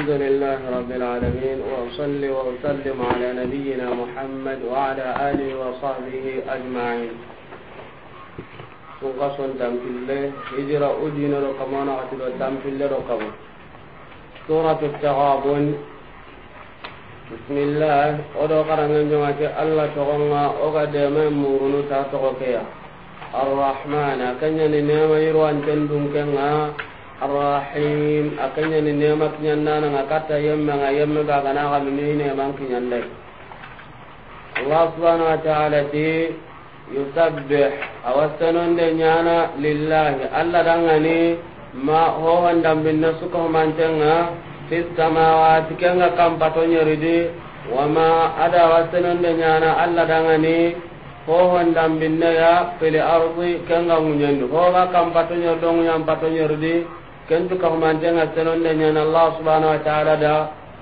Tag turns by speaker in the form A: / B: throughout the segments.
A: الحمد لله رب العالمين وأصلي وأسلم على نبينا محمد وعلى آله وصحبه أجمعين سوغا سون تامبيلي هجرة أدين رقمانا غتلو تامبيلي رقم سورة التغابن بسم الله ودو قرن جمعك الله تغنى أغد من مورنو تاتغوكيا الرحمن كان ينمي ويروان تندم كنها arrahim akanya ni nema kinyanda na ngakata yemma nga yemma ba kana ga ni nema kinyanda Allah subhanahu wa ta'ala ti yusabbih awasanon de nyana lillahi alla dangani ma ho wandam binna suka mantenga fi samawati kenga kam patonya ridi wama ada wasanon de nyana alla dangani ho wandam binna ya fil ardi kenga munyendu ho ga kam patonya dong kentu kahumantenga senonde ñani allah subhanahu wa taala da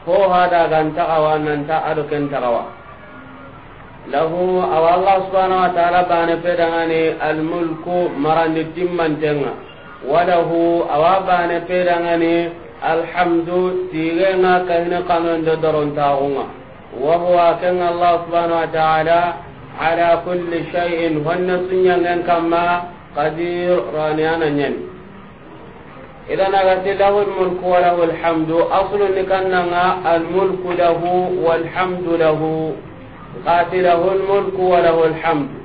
A: ho hada gantaxawa nanta aɗo kentaxawa lahu aw allah subhanahu wa taala bane pedangani almulku marandi timmantenga walahu awa bane pedangani alhamdu tigenga kahine taunga wa huwa kenga allah subhanahu wa taala ala kulli shay'in honne kan kamma qadir raniana ñani idan agati lahu lmulku walahu lhamdu ni kannanga almulku lahu walhamdu lahu kati lahu lmulku walahu lhamdu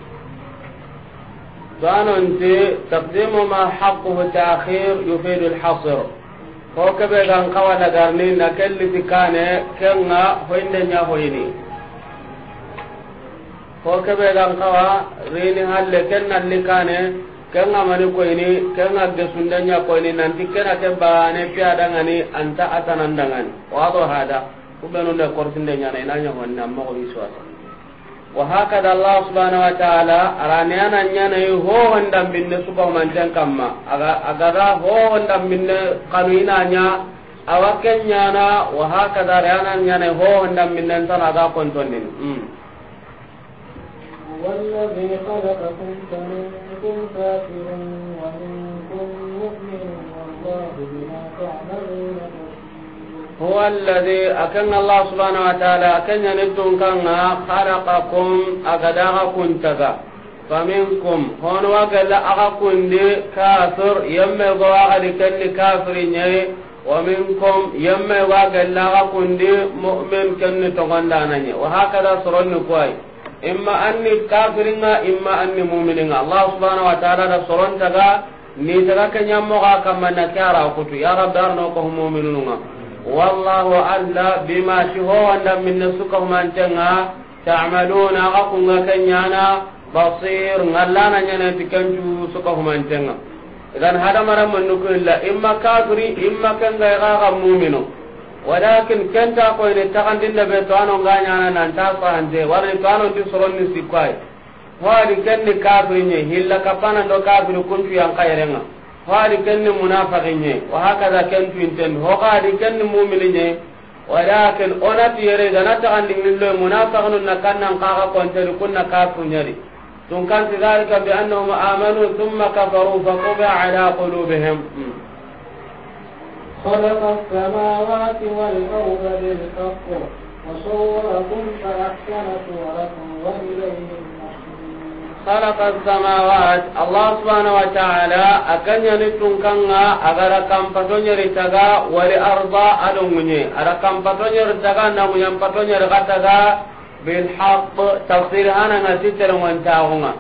A: toanonti taqdimu ma haquhu taakhir yufidu lhasr ko keɓe gan kawa dagarni na kelliti kane kenga hoyinde ñahoyini ko keɓe gan kawa rini halle kennalli kane kenga mani koyni kenga gesundanya ini nanti kena ke bane pia dangani anta atanan dangani wado hada kubenunda korsinde nyana inanya honna amma ko iswata wa hakada allah subhanahu wa ta'ala araniana nyana yi ho wanda binne suba manten kamma aga agara ho wanda binne kanuina nya awakenya na wa hakada araniana nyana ho wanda binne tan aga kontonni mm.
B: والذي خلقكم فمنكم كافر ومنكم مؤمن والله بما تعملون
A: هو الذي أكن الله سبحانه وتعالى أكن ندون كان خلقكم أغداغكم تغا فمنكم هون وقال أغاكم دي كافر يمي غواغا لكل كافر نيه ومنكم يمي وقال أغاكم دي مؤمن كن تغندانا وهكذا سرن كوي imma anni kafiringa imma anni mumininga allah subhanahu wa ta'ala da sorontaga ni taga kenyamoga kamanna ke ara kutu ya rabbi arnoko muminununga wallahu alla bima shihowanda minne sukahumantenga tamaluna aga kunga kenyana basir ngallana ñanati kencu sukahumantenga idan hadamaramannukuilla imma kafiri imma kenga igaga muminu walakin kenta koyne taxandinne ɓe toano nga ñana nanta sohante ni toanondi soronni sikkoay hoadi kenni kafiriñe hilla kappanando kafiri kuncuyanka yerenga hoadi kenni munafakiñe wa hakaza kentuinten hokaadi kenni muminiñe walakin onati yere gana taxandinginloy munafakinu na kannan kun na kunna kafiruñeri tun kanti dalika bi annahum amanu thumma kafaru fa tuba ala qulubihim mm. خلق السماوات
B: والأرض بالحق وصوركم فأحسن صوركم وإليه
A: خلق السماوات الله سبحانه وتعالى أكن يرتون كنا أجر كم فتون يرتجا والأرض أدمني أجر كم فتون يرتجا نم يم فتون يرتجا بالحق تفسير أنا نسيت لمن تاهونا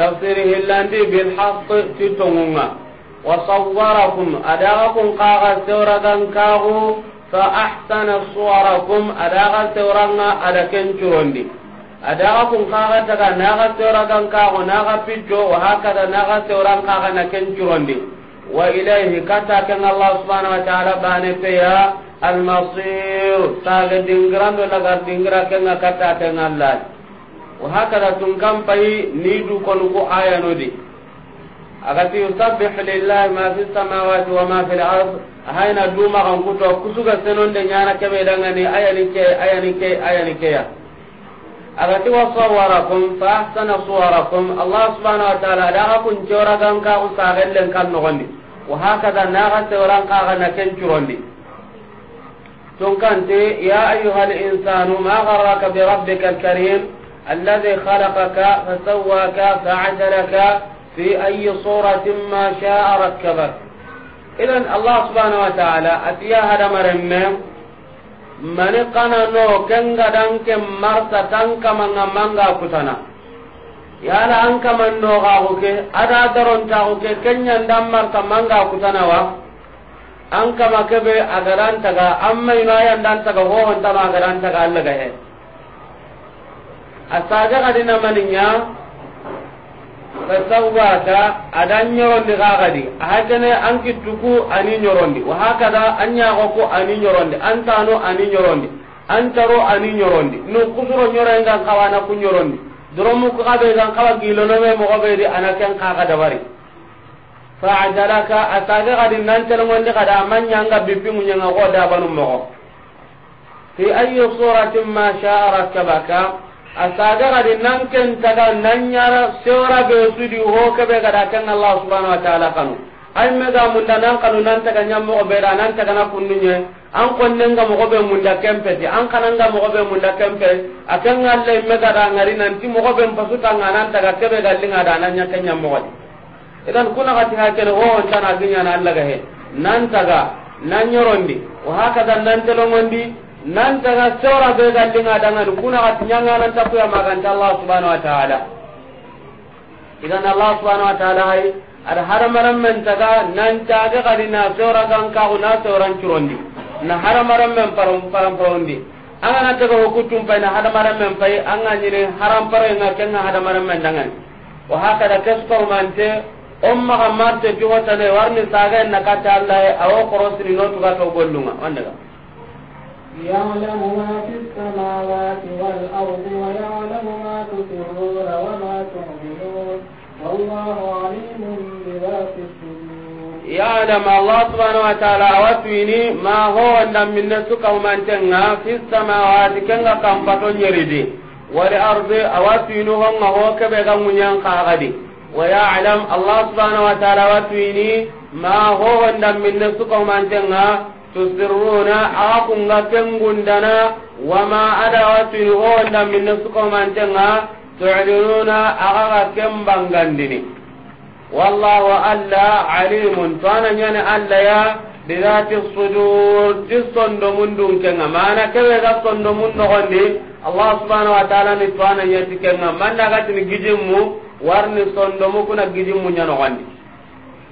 A: تفسير هلاندي بالحق تتوهونا وصوركم أداغكم قاغا سورغا كاغو فأحسن صوركم أداغا سورغا أدا كنشروندي أداغكم قاغا تغا ناغا سورغا كاغو ناغا بيجو وهكذا ناغا سورغا كاغا نكنشروندي وإليه كتا كان الله سبحانه وتعالى باني فيها المصير تاغا دنگران لغا دنگرا كان كتا كان الله وهكذا تنكم باي نيدو كنكو آيانو دي agati yusabbihu lillahi ma fi samawati wa ma fil ard hayna duma kan kuto kusuga senonde nyana kebe dangani ayani ke ayani ke ayani ke ya agati wa sawwarakum fa ahsana suwarakum allah subhanahu wa ta'ala da ga kun jora gan ka usagellen kan nogondi wa hakada na ga sewran ka ga na ken curondi tun kante ya ayyuhal insanu ma gharraka bi rabbikal karim alladhi khalaqaka fasawwaka fa'adalaka fi ayi suratin ma sha'a rakkabak idan allah subhanahu wa ta'ala atiya hadamaremme mani kana no kenga danke marta tan tanka manga manga kutana yala an kama no ga ke ada daron ta ke kenya ndam marta manga kutana wa an kama kebe agaran taga amma ina yan dan taga ho hon tama agaran taga Allah ga he asaga kadina maninya fasawbata adan nyorondi kakadi ahakene anki tuku ani nyorondi wa wahakada anyagoko ani nyorondi antano ani nyorondi antaro ani nyorondi nu kusuro nyorengan kawana ku nyorondi doromu kakabe gan kawa gilonome mogobedi anaken kaka dabari faajalaka asage kadi nantelongondi kada amanyanga bipimunyanga ko dabanu mogo fi ayi suratin ma shaa rakkabaka asagagadi nan kentaga nan ñara sewra ɓe sudi ho keɓe gada ken allah subhanau wa taala kanu ay mun da nan kanu nan taga ñammogo ɓeɗa nan taga tagana kunnuñe an konnenga mun da munda kempeti an kananga mogo mun da kempe a ken allah da ngari nan nanti mogo ɓen pasutanga nan taga ga keɓe gallingada nanña ke ñammogodi idan kunakati ha kene howontana oh, giñana allaga he nan taga nan ñorondi wa haka hakada nan telongondi nan taga sora be dinga danga du kuna kat nyanga nan ta kuya magan Allah subhanahu wa ta'ala idan Allah subhanahu wa ta'ala hay ar haramaram men taga nan taga kadina tsora gan ka una soran curondi na haramaram men param param parondi anga na taga hukutum pa na haramaram men pa anga nyine haram paro na kenna haramaram men dangan wa hakada kasqaw mante umma gamarte bi hotane warni saga na ta Allah awo korosri no ga to gollunga wanda.
B: يعلم ما في السماوات والأرض ويعلم ما تسرون وما تعلنون والله عليم بذات الصدور
A: يعلم الله سبحانه وتعالى وتويني ما هو من نسك ومن تنها في السماوات كنغا كنفتون يريدي والأرض أواتينهم هو كبغا منيان قاغدي ويعلم الله سبحانه وتعالى وتويني ما هو من نسك ومن تنها tusiruna aga kunga kengundana wama adawatini owonda minne sukomantenga tuliruna aga ga kembangandini wallahu alla alimun alla ya sudur kenga kewe allah subhanau wa taala ni toana nyati kenga mannagatini gijimmu warni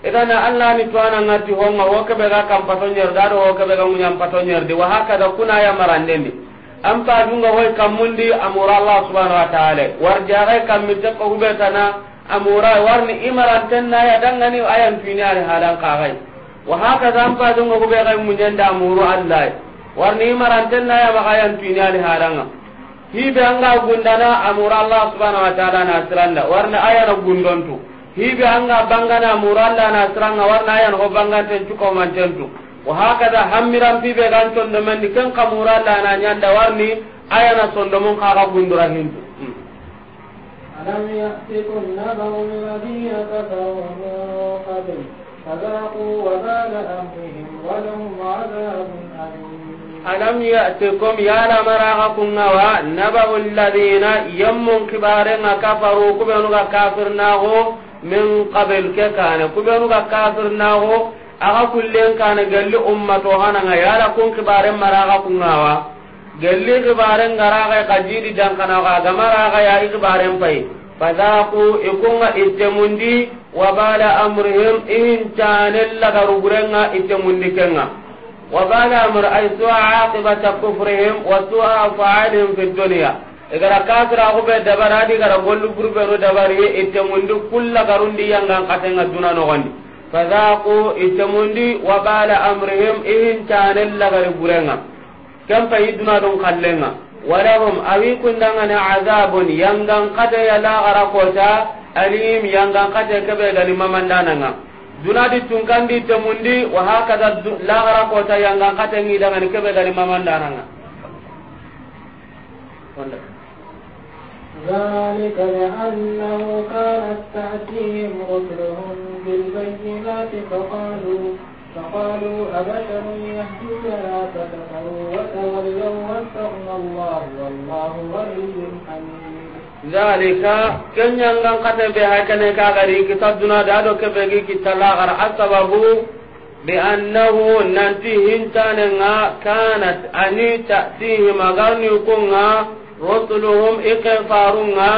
A: idan Allah ni tuana ngati honga wo kebe ga kam patonyer dado wo kebe ga munyam patonyer di wa da kuna ya marande ni am pa dunga hoy kam mundi amura Allah subhanahu wa ta'ala jare kam mi ta ko betana amura ni imaran tanna ya ni ayan fini al halan qagai wa da am pa dunga ko be ga da amuru Allah ni imaran tanna ya ba ayan fini al halanga hibe anga gundana amura Allah subhanahu wa ta'ala na siranda warni ayana gundontu hibe anga bangana muralla na sranga warna yan go bangante cuko mantentu wa hakada hamiran pibe gan tondo men ken ka muralla na nyanda warni ayana sondo mon ka ga gundura
C: hindu hmm.
B: alam yatikum nabaru alladhina kafaru qabl fadaqu wa bala amrihim wa lahum adhabun alim
A: alam yatikum ya la maraga kunna wa nabaru alladhina yammun kibaren kafaru kubenu ka kafirna go min qabl ke kana kubenu ga kafir naho aga kullen kane galli ummato hananga yala kun kibaren maraga kungawa galli kibaren garaga kajidi dan kana ga gamaraga ya kibaren pai fadaqu ikunga ittemundi wa bala amrihim in tanel la garugurenga ittemundi kenga wa bala amr ay su'a aqibata kufrihim wa su'a fa'alihim fid dunya igara kasira ko be dabar adi gara gollu burbe ro dabar ye itemundu kulla garundi yangan katenga duna no gondi fadaqu itemundi wa bala amrihim ihin tanen lagari burenga kam fa iduna don kallenga walahum awi kundanga na azabun yangan kata ya la gara kota alim yangan kata kebe gani mamandananga dunadi tungkandi temundi wa hakaza la gara kota yangan kata ngi dangani kebe gani mamandananga Wonderful.
B: ذلك لأنه كانت تأتيهم رسلهم بالبينات فقالوا فقالوا أبشر يهدوننا فكفروا وتولوا واستغنى الله والله غني حميد
A: zalika kenyangan kata be hay kana ka gari ki tadduna da do ke be ki talagar asbabu bi annahu nanti hintane nga kanat ani ta ti magani ko nga rusuluhum iqfarunga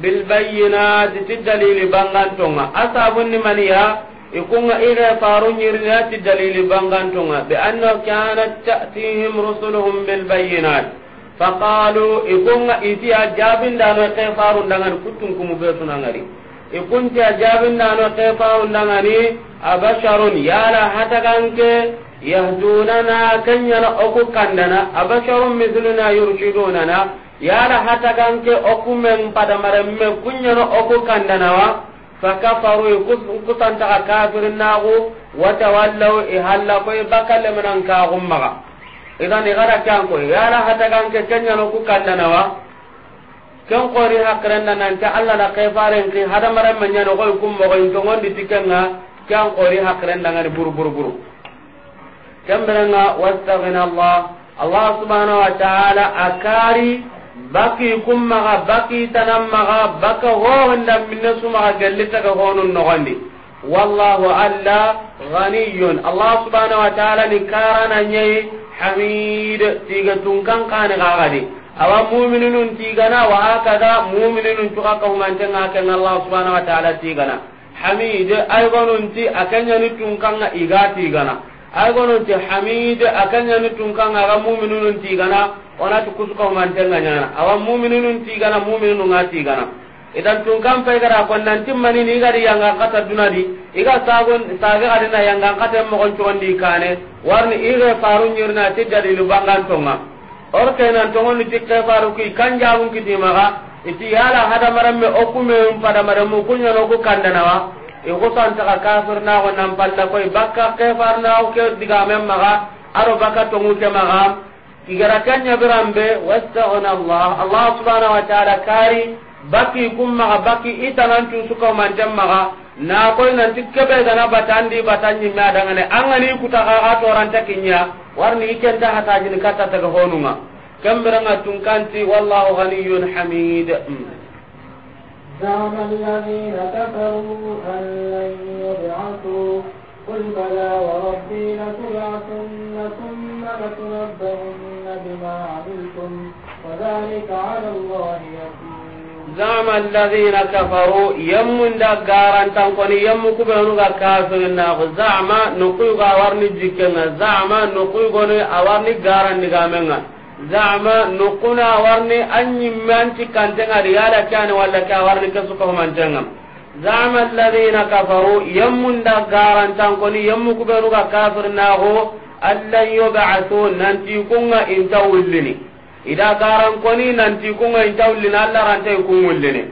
A: bilbayinati ti dalili bangantonga asabunni maniya ikunga iqfarun yirina ti dalili bangantonga bi anna kanat ta'tihim rusuluhum bilbayinat faqalu ikunga itiya jabindano iqfarun dangan kutun kumu betunangari ikunti ajabindano iqfarun dangani abasharun yala hataganke yahdunana kanyana oku kandana abasharun mithluna yurshidunana yara hataganke okumen padamaremmen kunyano oku kandanawa fakafaru kusantaga kafirinnaku watawallaw ihallakoy bakalemenankaxummaga idan igara kanko yara hataganke kenyano ku wa ken kori hakrenda nante allah na kefarenki hadamaremme nyanogoy kummogoyin togondi tikenga ken kori hakrendangani buruburuburu kemberenga wastagina allah allah subhanahu wa taala akari baki kummaga baki tanammaga baka hohonda minne sumaga gellitaga honun nogondi wallahu alla ghaniyun allah subhanahu wa ta'ala ni karana nyai hamid tiga tungkan kane gagadi awa mu'minun tigana wa hakada mu'minun tuka iga tigana ay gonon te hamid akanya ni tungkang aga mu'minun tigana ona to kusuka man tanga nyana awa mu'minun tigana mu'minun ngati gana idan tungkang pe gara kon nan timmani ni gari yang kata dunadi iga sagon saga ada na yang kata mo kon condi kane warni ire farun yurna te dari lubangan tonga or kenan tongon ni tikke faru ki kanjawun kitimaga iti yala hada maramme okume um pada maramu kunya no ko kandana wa igusantaka kafirnago nan palla koy bakka kefarnago ke digamen maga aro bakka tonguke maga igara kenyabiranbe wastagna allah allah subhanahu wa taala kari bakki kum maga bakki itanantu sukomanten maga na koy nanti kebe gana batandi batanyimme adangane angani kutaka a toranta kinya warni ikenta hatajini katta taga honunga kembiranga tunkanti wallahu ghaniyun hamid mm.
B: زعم الذين كفروا أن لن يبعثوا قل بلى وربي لتبعثن ثم لتنبؤن بما عملتم وذلك على الله يسير
A: زعم الذين كفروا يمن دقارا تنقني يم كبرنغا كافرنا زعم نقيغا ورني جكنا زعم نقيغا ورني قارا نقامنا zama nukuna warni an yimme anti kantenga di yala wala walla ka warni kesuka humantenga zama alladhina kafaru yemmunda garantankoni yemmu kubenuga kafirnago allan yobacathu nanti kunga inta wullini ida koni nanti kunga inta wullini allah rantai kun wullini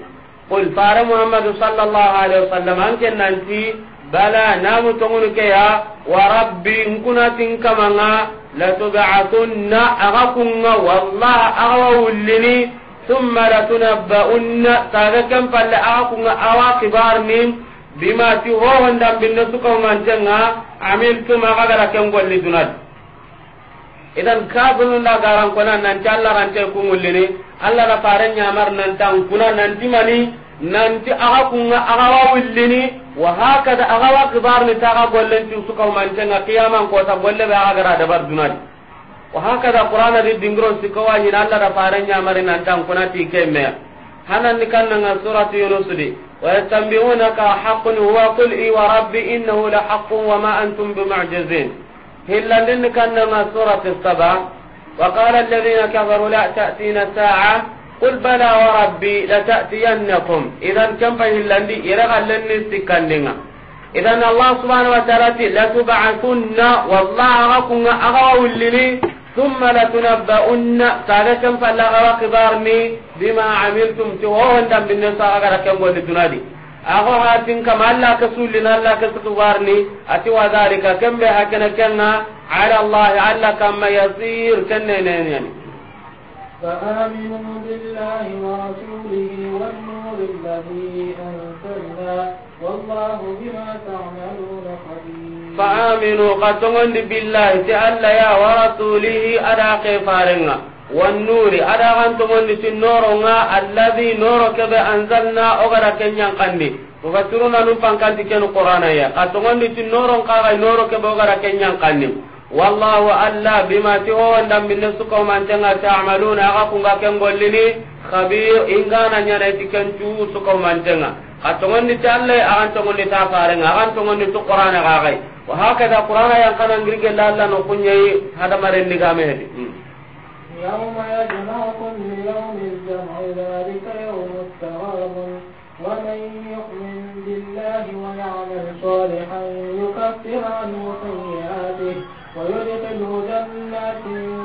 A: qul fare muhammadu sallallahu alaihi wasallam anke nanti bala namu tongonu ke ya wa rabbi nkuna nkunatin kamanga latub'atunna agakunga wallahi awa wullini thumma latunabba'unna kaga kem palle agakunga awa kibarni bima ti hohondambinne sukahumantenga amiltum agagara ken golli dunad idan kabulunda garankona nanti allah rante kungullini allah ra fare nan nantan kuna nanti mani nanti aga kunga agawa wullini wa hakada aga wa kibar ni taga gollen ti suka man tanga qiyaman ko ta golle ba aga ra dabar dunadi wa hakada qur'ana di dingron sikawa ni alla da faranya mari nan tan kuna ti kemme hanan ni kan nan surati yunus di wa yastanbi'unaka haqqun huwa qul i wa rabbi innahu la haqqun wa ma antum bimu'jizin hillandin kan nan surati saba wa qala alladhina kafaru la ta'tina sa'a قل بلى وربي لتأتينكم إذا كم فهلندي إرغى لن سكندنا إذا الله سبحانه وتعالى لتبعثن والله أغاكم أغاو لني ثم لتنبؤن سادة كم فلا أغاو قبارني بما عملتم تهون دم بالنساء أغاو كم ودتنادي ako hatin kam alla ka sullina alla ka suwarni ati wa dhalika kam be hakana kenna ala allah alla kam yasir kenna ne ne
B: فآمنوا بالله ورسوله والنور الذي أنزلنا والله بما تعملون خبير
A: فآمنوا قد بالله تعالى يا ورسوله أدا كفارنا والنور أدا غنتمون سنورنا الذي نورك بأنزلنا أغرى كنيان قندي وغسرنا نفان كنتي كنو قرانا يا قد تغني سنورن قاغي نورك بأغرى كنيان قندي wallahu alla bima ti o dambinne sukaumantanga tamaluna aga kunga ken gollini khabir ingana ñanaiti ken cu sukaumantenga xa togondi ti alla agan togondi ta farenga agan togondi tu qur'ana gaxay wa hakada qur'ana yankanangiri gella alla no kunñayi hadamarendigamehedi
B: يوم يجمعكم ليوم الجمع ذلك يوم التغاب ومن يؤمن بالله ويعمل صالحا يكفر عنه سيئاته ويدخله جنات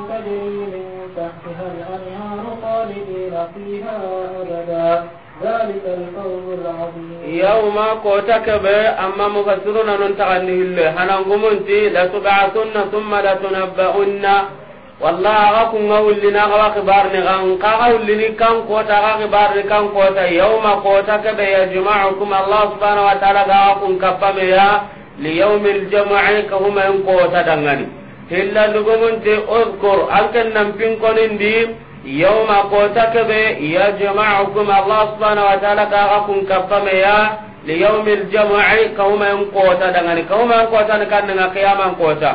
B: تجري من تحتها الأنهار خالدين فيها أبدا ذلك القول العظيم يوم
A: قوتكب أما مفسرون أن ننتغنه الله هنغمنتي لتبعثن ثم لتنبؤن والله أغاكم أولنا أغا بارن غنقا قاغا أولني كم قوتا أغا بارن كم قوتا يوم قوتكب يجمعكم الله سبحانه وتعالى أغاكم كفم يا ليوم الجمع كهما ينقو تدغني هلا دغمنت اذكر أنكن نمبين كونندي يوم قوتك بي يجمعكم الله سبحانه وتعالى كاغكم كفما يا ليوم الجمع كهما ينقو تدغني كهما ينقو تدغني قياما قوتا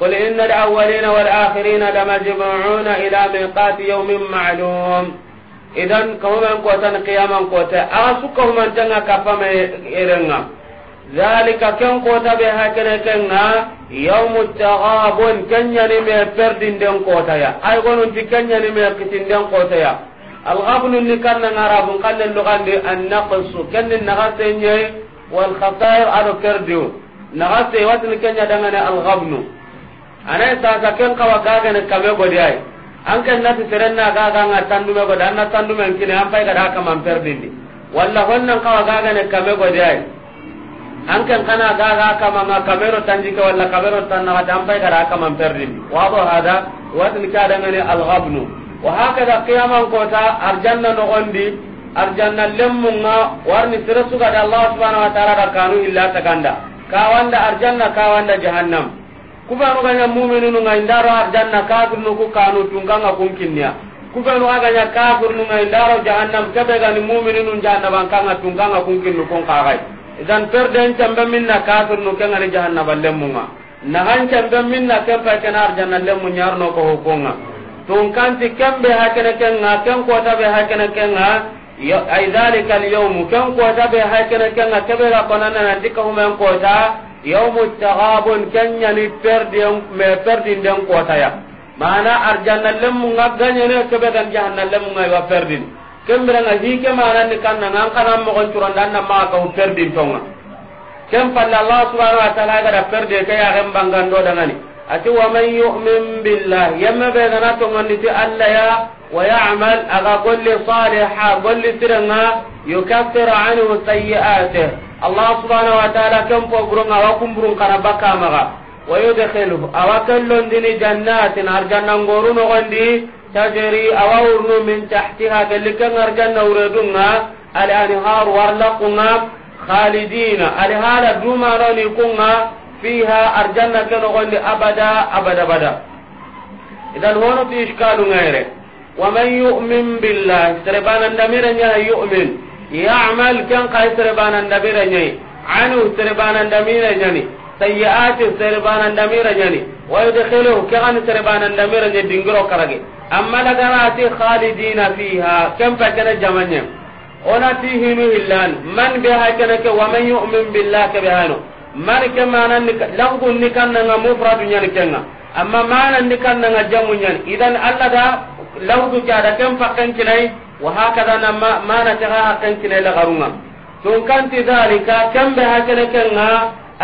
A: قل إن الأولين والآخرين لمجموعون إلى ميقات يوم معلوم إذن كهما ينقو تدغني قياما قوتا أغسو كهما تدغني كفما يرنغم zalika ken kota be hakere ken na yawmu taghabun kenya ni me perdin den kota ya ay gonun ti kenya ni me kitin den kota ya al ghabnu ni kan na arabu kan le lugan de an naqsu ken ni nagase nye wal khasair ado kerdu nagase wat ni kenya danga ne al ghabnu ana ta ta ken kawa ga ga ne kabe godi ay an kan na ti seren na ga ga ga tandu me goda an na tandu men kine an fayda da kaman perdin ni walla wannan kawa ga ga ne kabe godi ay anken kana gaga ma kamero ka wala kamero tannaga tampay gara perdi wa wado hada ngani al ghabnu wa hakada qiyaman kota arjanna gondi arjanna lemmunga warni tirasu ga allah subhanahu wa taala da kanu illa ganda. kawanda arjanna kawanda jahannam kubenuganya ngai ndaro arjanna ku kanu tunganga nya ka aganya ngai ndaro jahannam kebegani mumininun jahannaban kanga tunganga kunkinnu kon kaai idan perden cambe minna kafir nu ke ngani jahannaba lemmunga nahan cambe minna kempa kena arjanna lemmu nyarno ko hukunga tun kanti kembe hakene kenga ken kota be hakene kenga ay dhalika alyawm ken kota be hakene kenga kebe ra konana nan dikahumen kota yawmu taghabun ken ni perden me perdin den kota ya mana arjanna lemmunga ganyene kebe dan jahannaba lemmunga wa perdin kembiranga hike mananni kanna nan kanan mogon curonda an nan maga kahu perdin tonga ken palle allah subhanau wa taala gada perde ke yaxen bangando dangani ati wa waman yumin billah yemme ɓe gana tongonditi allah ya wa yamal aga golli saliha golli sirenga yukaffir anhu sayi'atih allah subhanau wa taala ken poguronga awa kumburun kana bakkamaga wa yudkhiluhu awa kellondini jannatin no nogondi tajri awawurnu min tahtiha gallika ngarjanna uredunga al anhar warlaqunga khalidina al hala dumarani kunga fiha arjanna kenogondi abada abada abada idan honoti iskalu ngayre waman yumin billah serebanandamiranyana yumin yamal ken kay serebanandamiranyai anu serebanandamiranyani sayiati serebanandamiranyani ويدخله كغن سربان الدمير دينغرو كرغي أما لغرات خالدين فيها كم فكنا جمانيا onati hinu hillan man be ha kenake waman yu'min billah ke behano man ke manan langun ni kannanga mufradu nyani kenga amma manan ni kannanga jamu nyani idan alla da lawdu kada kem fakkan kinai wa hakada na mana ta hakkan kinai la garunga tun ha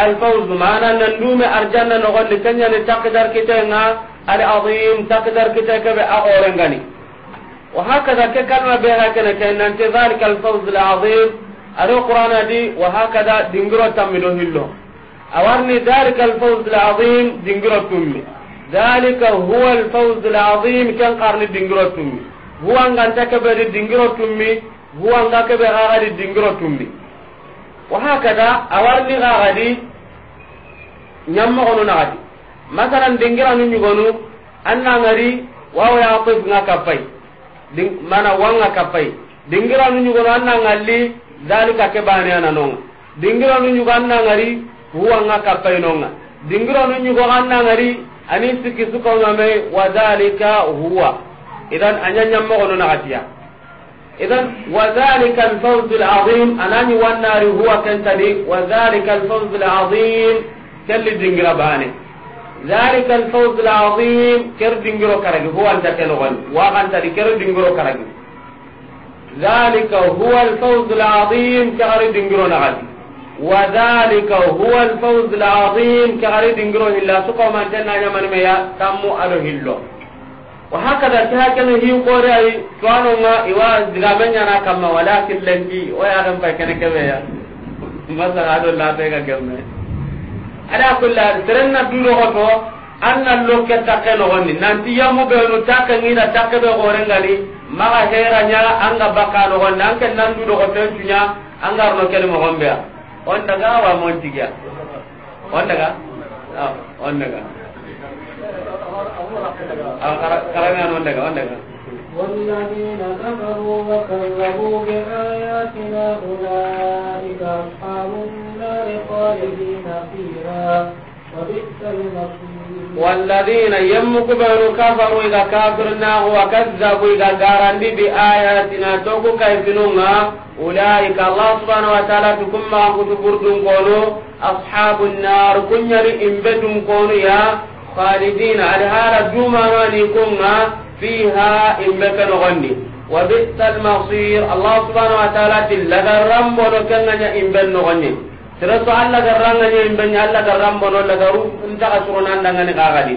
A: الفوز معنا نندوم أرجانا نغني كنيا نتقدر كتنا العظيم تقدر كتك بأغورنغني وهكذا ككلمة بها كنا كأن أنت ذلك الفوز العظيم أدو قرآن دي وهكذا دنجرو تمنه الله أورني ذلك الفوز العظيم دنجرو تمي ذلك هو الفوز العظيم كان قرن دنجرو تمي هو ان كان تكبر دنجرو تمي هو ان كان كبر غاغا دنجرو تمي وهكذا أورني غاغا ñammoxonu naxati masalan dengira ñugonu an anna ngari wawo yatif nga ding mana wanga kapai dengira ñugonu an anna ngali dalika ke baneananonga dengira ñugo an anna ngari nga kapai nonga dengira ñugo an anna ngari ani siki sikki me wa dalika huwa idan anya na naxatiya idan وذلك الفوز العظيم anani wannari huwa كنتني وذلك الفوز العظيم kelli dingira bane zalika alfawz alazim ker dingiro karagi huwa anta telogon wa anta diker dingiro karagi zalika huwa alfawz alazim kar dingiro nagati wa zalika huwa alfawz alazim kar dingiro illa suqa man tanna ya man maya tammu adu hillo wa hakada ta kana hi qore ay tuano ma iwa digamenya na kama walakin lanki wa adam pa kana kebe ya masara adu la pega kemne ala kulla terenna dulo ko anna lokke takke logondi nanti yamu benu takke ngina takke be gorengani maga hera nya anga baka logondi anke nandu do hoten tunya anga no kele mo hombe on daga wa mo tiga on daga on daga
B: karanga on daga on daga والذين كفروا وكذبوا بآياتنا أولئك أصحاب النار خالدين فيها وبئس المصير
A: والذين يمكبون كفروا إذا كافرنا وكذبوا إذا قارنوا بآياتنا توكو كيفنونا أولئك الله سبحانه وتعالى تكون ما كتبردن قولوا أصحاب النار كن يري إن قولوا يا خالدين على هذا الجمعة fiha immeke nogondi wa bisa almasir allah subhanau wa taala ti lagarrambono kenganya imben nogondi sereso allah garranganya imbenya allah garrambono lagaru ntaka suronandangani kagadi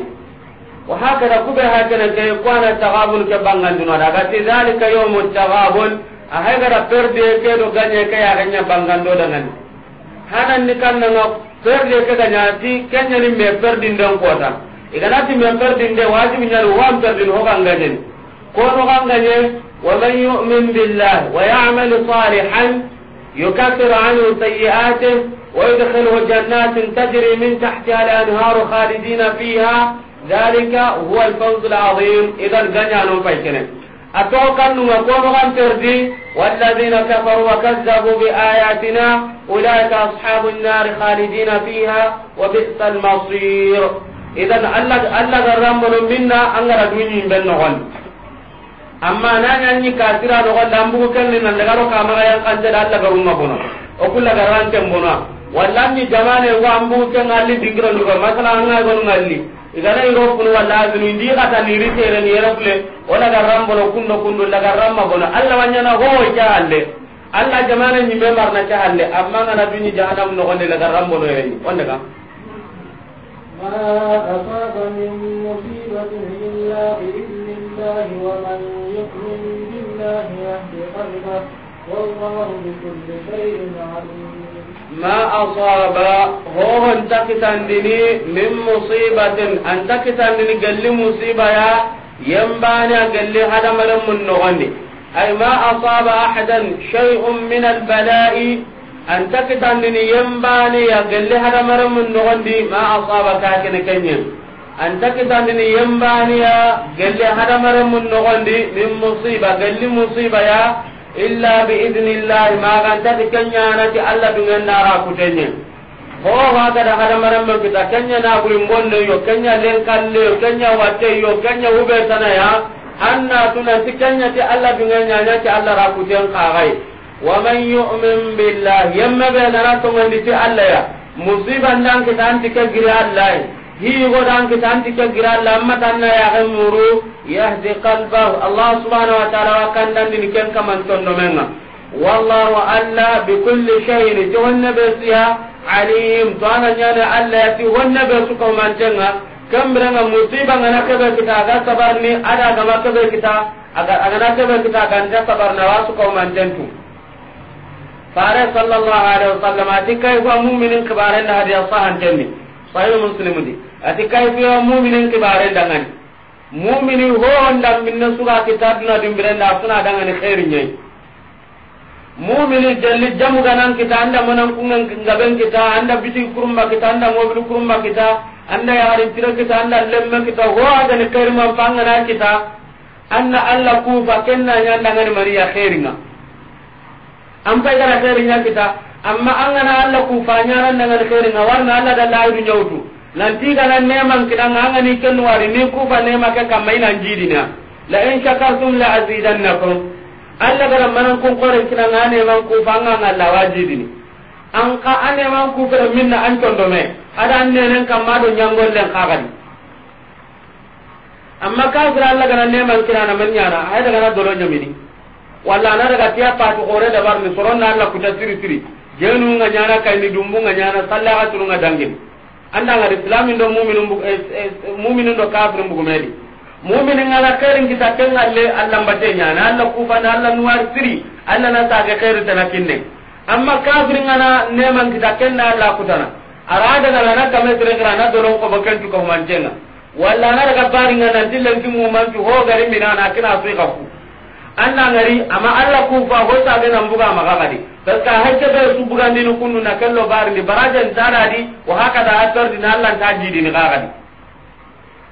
A: wa hakada kube hakene ke kwana tagabun ke bangandino daga ti zalika yawmu tagabun ahay gara perde ke do ganye ke ya ganya bangando dangan hanan ni kan nga perde ke ganya ti kenya ni kota iganati men perdinde wajibi ñani hogan perdin hogangañeni kon hogangañe waman yumin billah بالله ويعمل salihan يكفر anhu سيئاته ويدخله جنات تجري من تحتها الأنهار خالدين فيها ذلك هو الفوز العظيم إذا الجنة نفيكنا أتوقع أنه يكون تردي والذين كفروا وكذبوا بآياتنا أولئك أصحاب النار خالدين فيها وبئس المصير idan allah allah garrambono minna angara duñin ben nogondi amma nañanñi kasira nogondi an bugu kenni nan dagaro kamara yankanteda allah garunga bono o kulla garranten bonoa walla ni jamane wa an bugu ken alli dingiranduga masala anga gonu ngalli igana irofunu walla azinu ndi kata niri tere ni yerokule o daga rambono kunno kundu daga ramma bono allah wanyana hoy ca halle allah jamane ñimme marna ca halle amma ngana duñi jahannam nogondi daga rambono yereni on daga
B: ما أصاب من مصيبة إلا بإذن الله ومن يؤمن بالله يهد قلبه والله بكل شيء عليم
A: ما أصاب هو انتكت دني من مصيبة انتكت دني قال لي مصيبة يا ينباني قال لي هذا ملم النغني أي ما أصاب أحدا شيء من البلاء an anta kitandini yembani ya gelle hadamaremun nogondi ma asaba kakene kenyen anta kitandini yembani ya gelle hadamaremun nogondi min musiba gelli musiba ya illa bi ma kan idnillahi magantati kenyanati allah dungennara kutenye hohagada hadamaremme kita kenya na nagurin bonneyo kenya lenkalleyo kenya wate watteyo kenya hubetanaya annatunanti kenyati allah dungenyanati allah rakuten kagai wa man yu'min billahi yamma ba da ratu mai dace Allah ya musiban dan ki dan ki gira hi go dan ki dan ki gira Allah amma dan na ya kan muru yahdi qalbahu Allah subhanahu wa ta'ala wa kan dan din ken kaman ton do men na wallahu anna bi kulli shay'in tuwanna bi siha alim tuwanna ya na Allah ya tuwanna bi su ko man jenga kam ran musiban na ka ga kita ga sabar ni ada ka na ka sabar na wa su ko man fare sallallahu alaihi wasallam ati kay ko mu'minin kibaren da hadiya sahan tenni sahih muslim di ati kay ko mu'minin kibaren da ngani mu'mini ho onda minna suga kitabna dimbiren da suna da ngani khairin yayi mu'mini jalli jamu ganan kita anda manan kungan ngaben kita anda biti kurumba kita anda mobil kurumba kita anda yarin tira kita anda lemma kita ho ada ni khair man pangana kita anna alla ku fa fakenna nyanda ngani mariya khairinga an pay gara khairin nya kita amma an gana Allah ku fanya ran daga khairin warna Allah da lawu nyautu nanti kana neman kidan an gani ken wari ni ku fa nema ka kamai nan jidina la in shakartum la azidannakum Allah gara manan kun kore kidan an neman ku fa an Allah wajidini an ka an neman ku fa minna an tondome ada an nenen kamma do nyangol len kagadi amma kafir Allah gana neman kidana man nyara ay daga na dolo nyamini wala na daga tiya pati hore da bar ni soron na Allah kuta siri siri jenu nga nyana kay ni dumbu nga nyana sallaha ga tunu nga dangin anda ngari islamin do mu'minun bu eh, eh, eh, mu'minun do kafirin bu gumeli la ala ngi ta ken le Allah mbate nyana Allah kufa na Allah nuwar siri Allah na ta ga kairin ta nakinne amma kafirin ana neman kita ken na Allah kutana arada na na kame sire na doron ko bakan tu ko manjenga wala na daga bari nga na dilen ki mu man tu ho gari mina na kina su ka ku anda ngari ama alla ku fa ho ta be nan buga maga kadi bas ka hajje be su buga ni kunu na kallo bar ni barajan tara di wa haka da hatar din alla ta ji din ga di.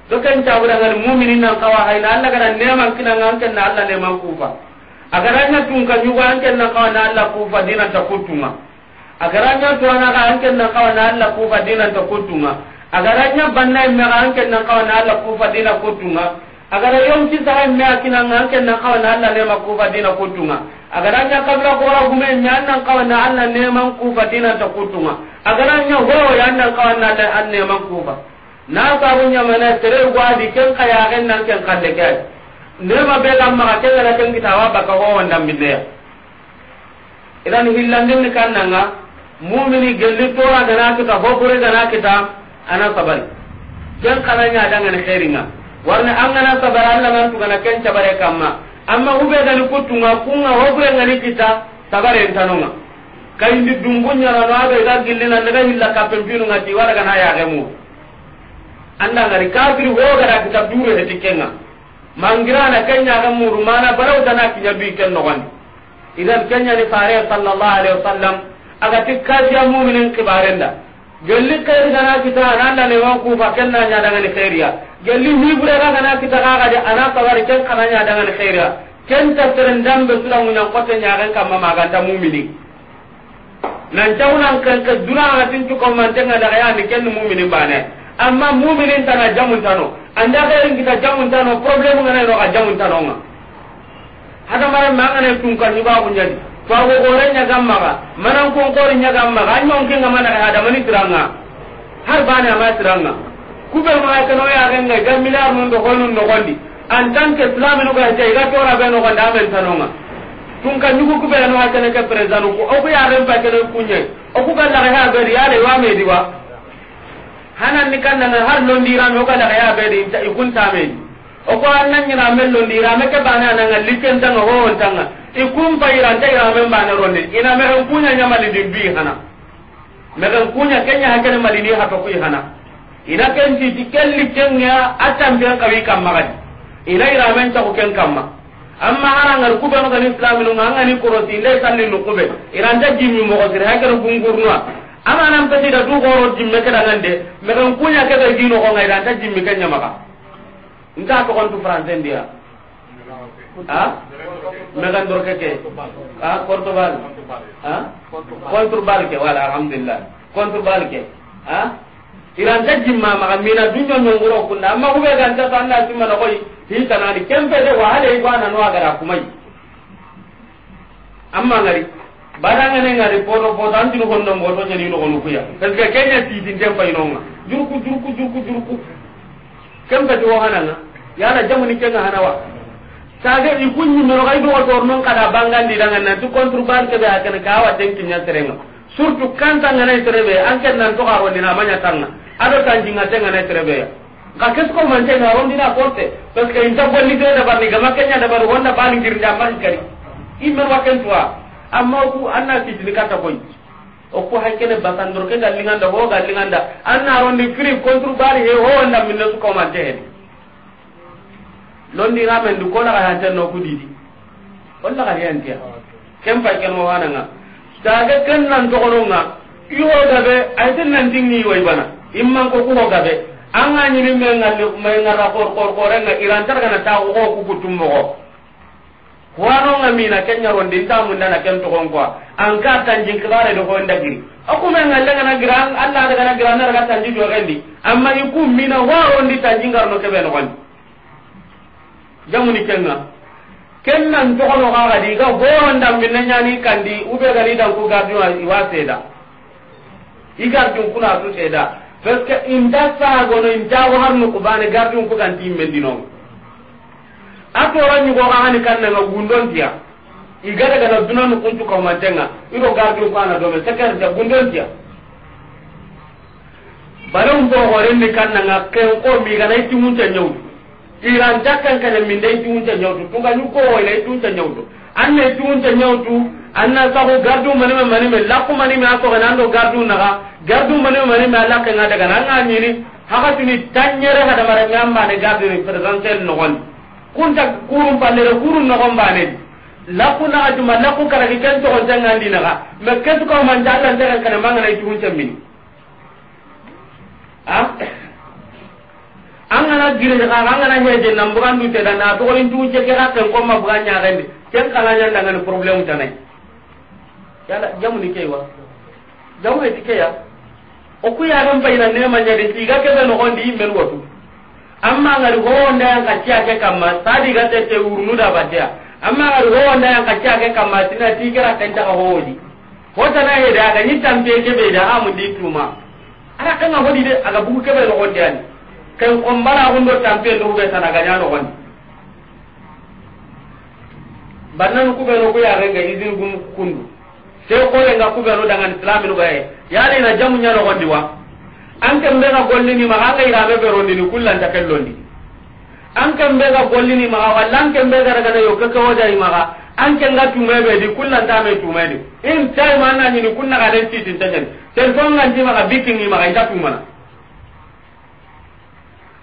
A: to kan ta buda ngal mu'minin nan kawa hay na alla kada neman kina ngan kan na alla neman ku fa agar anya tun kan yugo an kan na kawa na alla ku fa dinan ta kutuma agar anya to ana ga an kan na kawa na alla ku fa dinan ta kutuma agar anya banna me ka an kan na kawa na alla ku fa dinan kutuma agara yonki sahay me akina ngan ken na kawana alla ne ma kufa dina kutunga agara nya kabla ko ra gume nya nan kawana alla ne man kufa dina ta kutunga agara nya ho ya nan kawana alla an ne man kufa na sabu nya mana tere gwadi ken kaya ken na ken kalle kai ne ma be lam ma ken la ken ba baka ho wanda minne idan hillandin ni kan nan ga mu'mini gelli tora gana kita ho bure gana kita ana sabari ken kala nya dangan khairinga warna angana sabar Allah man tugana ken cabare kama amma ube da ni gani kutunga kunga hobre ni kita sabare tanonga kay ndi dungunya na no abe ga gillina daga hilla kapen binu ngati wala kana ya gemu anda ngari kafir ho gara kita dure hetikenga mangira na kenya ga muru mana barau na kinya bi ken no wan idan kenya ni fare sallallahu alaihi wasallam aga tikka ya mu'minin kibarenda gelli khair gana kita ananda ne wanku bakenna nya dengan khairia gelli hibure ga gana kita ga ga ana kabar ken kana nya dengan khairia ken ta terendam be sura munya kota nya kan kama maganta mumini nan tawnan kan ka duna ga tin ko man tanga daga ya ni ken mumini ne amma mumini na jamun tano anda khairin kita jamun tano problem ne ro ga jamun tano nga hada mare mangane tun kan yuba kunyadi fago gore maga manan konkori ñagammaga a ñonkenga manare hadamani tiranga har ma bane ama siranga kuɓemaga keno yagenga ga milliard nun dogonun nogondi en tant que slaminuga ta no toraɓe men tanonga tun ka no ha tan ke président ku oku yaren pa kene kuñe oku ga laxe ha ɓedi yala iwamedi wa kan kannanga har ikun di o ko an nan ni ramel oku annañirame me ke bane ananga ho tanga. ikun bayiranta iramen bane ronne ina mexen kuña ñamalidin duyi xana mexen kuña kenya hakene malini haka kuyi xana ina kentiti kelli kenga a tampen kawi kammaxadi ina iramen caku ken kamma amma arangar kubenogani islaminunga angani korosi nde sanni nukube iranta jimmi moxosiri hakene kungurnuwa ama nan peti da du goro jimme kada ngande mexen kuña kega dinoxonga iranta jimmi kenñamaxa nta toxontu français ndiya
B: a ah? megan mama ke a ah, contre bal a ah? contre bal ke wala
A: alhamdulillah contre bal ke a iranta jimma maga mina dunjo nyongoro kunna amma kube ganta tanna na koy hi tanani kempe de wa hale igwana a kumai amma ngari badangane ngari poto poto antinu hondo ngoto jeni no gonu kuya parce que kenya ti din tempa inonga jurku jurku jurku jurku kempe de wa hananga yana jamu ni kenga wa. kage i kunni no ga ibo tor non kada bangandi daga na tu kontru bar ke be hakana ka wa den kinya terenga surtout kanta ngana terebe an ken nan to garo dina manya tanga ado tanjinga tenga na terebe ka kes ko man tenga ron dina porte parce que inta ni te da ni gama kenya da bar wonda bali girnda man kari imman waken tuwa amma ku anna tijini kata koy o ko hakkene basandor ke gallinga oh da ho gallinga da anna ron di free kontru bar he ho oh, wonda minne su ko man tenga londi nga men du ko la ha tan no kudidi walla ka yan tiya kem pa kel mo wananga ga kan nan to kono nga da be ay tan nan ni way bana imman ko ko be an ga ni men le men nga rapor kor kor nga iran tar kana ta ko ku kutum mo ko wano nga mina kenya din ta mun dana ken to kon ko an ka tan jin kare do ko ndagiri aku men ngal le na giran alla da na giran ga tan jin do rendi amma ikum mina wa rondi tan jin garno be no kon jamuni kenga kenna nan togono kaga di ga goron dambinne ñani kandi ube gani danku gardiwa iwa SEDA i gardin na su seeda parce que inda go har harnu kubane gardin ku ganti immendinonga a toro ñugokagani kannanga gundontiya igada gana dunanu kuncu kaumantenga ido gardin ku ana dome bo gundontiya balon kanna ga ken ko mi migana itimunte ñawdu iran jakkan kana min dai tunta nyawtu tunga nyu ko wala tunta nyawtu anne tunta nyawtu anna sahu gardu mani mani me lakku mani me ako kana do gardu ga gardu mani mani me alaka na daga ni ni haka tuni tanyere hada mara ngamba ne gardu ni presentel no gon kunta kurum palere kurum no gon bane lakku na ajuma lakku kala ki kan to gon tanga na ga me to ko man dalla ndara kana mangana tunta min ah angana girni ka angana heje nan bukan du teda na to golin du je ke ka kan ko ma bugan nya gande ken kala nya dangan problem tanai yala jamu ni kewa jamu ni tike o ku ya ran bayina ne ma nya de tiga ke da no gondi imel wotu amma ngari ho onda yang ka tia ke kamma sadi ga te te urnu da batia amma ngari ho onda yang ka tia ke kamma tina tiga kan ta ho di ho ta he da ga ni tampe ke be da amu di tuma ala kan ngodi de aga buku ke be no gondi ani kan kombara bana hun do be tanaga ya do gon bannan ku be no ku ya ga izin gum kundu se ko ga ku be no dangan islam no gaye yale na jamu nya no di wa an kan be ga golli ni ma ga ga irabe be rondi ni kullan ta ni. an kan be ga golli ni ma ga wallan kan be ga daga yo ka ko ma ga an kan ga tumai be di kullan ta me tumai ni. in tai ma na ni kunna ga den titin tan telefon ngan di ma ga bikin ni ma ga ta tumana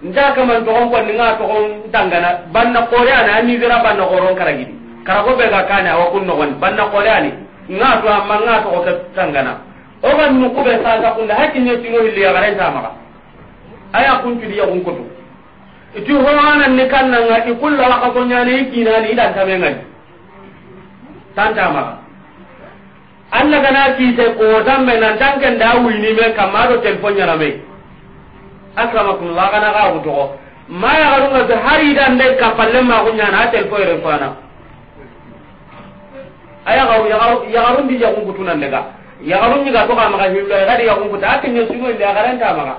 A: nta kaman togon koni nga togon tangana banna kore ana ani vira banna koron karagidi karago be ga kana wa kun nogon banna kore ani nga to amma nga to ka tangana o ban nu ko be sa ta kun da hakin ne tinu hilli ya garai sama ka aya kun tudi ya kun kutu itu ho anan ne kan nga ngati kullu wa ko nyani kina ni dan tame ngai tanta ma Allah kana ki te ko tambe nan tanken da ni me kamaro telefon nyana me akramakum la kana ga ko ma ya garu ga hari dan den ka palle ma kunya na tel ko ire fana aya ga ya garu ya garu bi ya kun kutuna daga ya garu ni ga to ka maka hillo ya gari ya kun kuta atin ne suwo ya garanta maka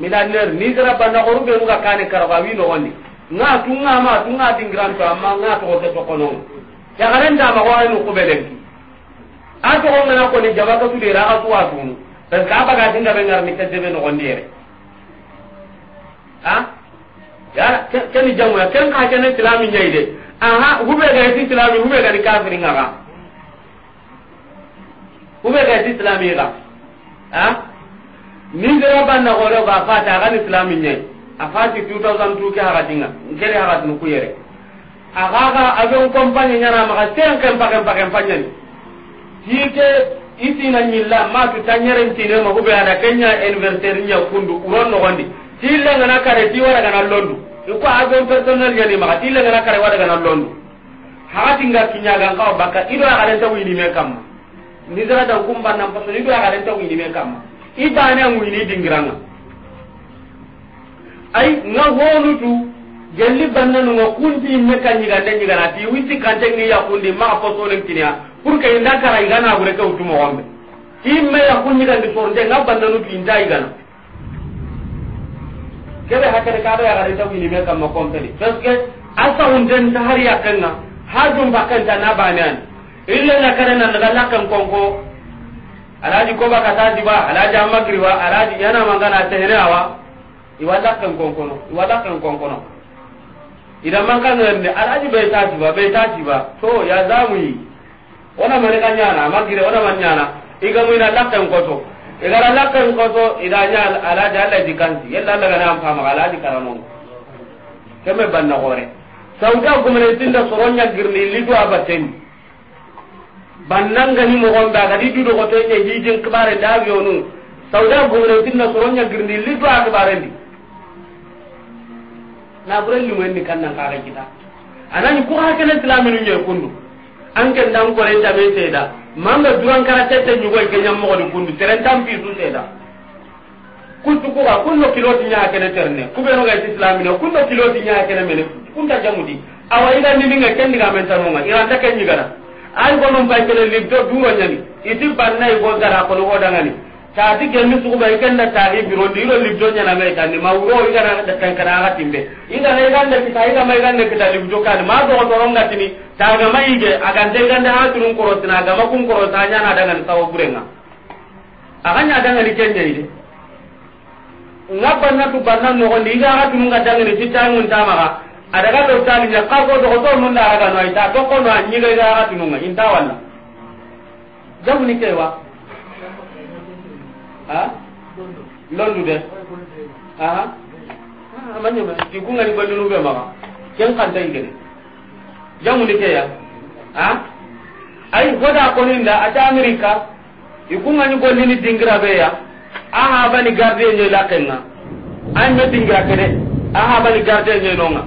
A: midan ner ni gara banda ko rubbe ga kane karba wi no wonni nga tunga ma tunga dingran to amma na to ko to kono ya garanta ko wa no ko kubelen a to ko na ko ni jabaka tu de ra ka tu wa tunu parce que a baga dinga be ngarni kedebe nogondiyere a yala keni jangoya ken ka kene silami ñayi de aha hube ga ti silami hube ga ni kafiri ngaga hube ga ti silami ga a ni dira banna gore ba fata ga ni silami ñayi a fati 2002 ke haga dinga ngere haga tinu ku yere aga ga avion compagnie nyana maga ten kan pakem pakem panyani tike itina ñilla maki tañerentinema huɓe ada kenya anniversaire ña kundu uron nogondi tillengana kare ti waragana londu iko agon personnel ñani maxa tillengana kare waragana londu nga kiñagan kawa bakka ido axarenta winime kamma nisratan kumbannan pason ido axarenta winime kamma i bane a wini dingiranga ay nga honutu gelli bannanunga kunti imme ka ñigande ñiganati winti kantengi yakundi maxa posonen kinia pour que inda kara igana gure ke utuma wambe imme ya kunni kan di sorje nga banda nu pinta igana kebe hakare kada ya gare tawi ni me kam ma kompani parce que asa unden tahari ya kenna hajum bakan ta na banan illa na kana na daga lakan konko alaji ko baka ta diba alaji amagri wa alaji yana mangana tehre awa iwada kan konkono iwada kan konkono idan man kan ne alaji bai ta diba bai ta diba to ya zamu yi ona mani ka nyana magire ona man nyana iga muina lakkan koto igara lakkan koto ida nya ala da Allah di kanti yalla Allah ga nan fama ala di karamo kemme banna gore sauka gumene tinda soronya girni lidu abaten bannanga ni mo gonda ga di dudo koto nya hijin kibare da yonu sauka gumene tinda soronya girni lidu akbare ni na bure limen ni kannan kaga kita anani ko hakene tilaminu nye kundu an ndam dan kore ta be seda manga duran kara tete nyugo ke nyam mo ko ndu teren tam pi su seda kuntu ko ka kilo di nya ke ne terne ku be no ga islami no kunno di nya ke ne mele kunta jamudi awa ida ni ninga ken diga men tan mo ira ta ken nyigara ay non bay le libdo duro nyani iti banna go gara ko no ni. taati gelmi suguba i kenna taati birondi ilo libjo ñaname kandi ma wuro igana kankana aga timbe igana igande kita igama igande kita libjo kandi ma dogotorongatini taagama ige agante igande a tunun korosina agama kun korosina a ñana dangani sawo burenga aga ña dangani kenñayide nga bannatu banna nogondi iga aga tununga dangani sittanguntamaga adaga dottani ña ka ko dogotor nun daragano ayta tokkono a ñiga iga aga tununga inta walla jamuni kewa
B: ha londu de aha amanya ah, ma ti kunga ni
A: bandunu be ma ken kan tay gele jamu ni ke ya ha ai hoda ko ni da ata amerika ikunga ni golli ni dingira be ya aha bani garde ni la kenna an me dingira kede aha bani garde ni nonga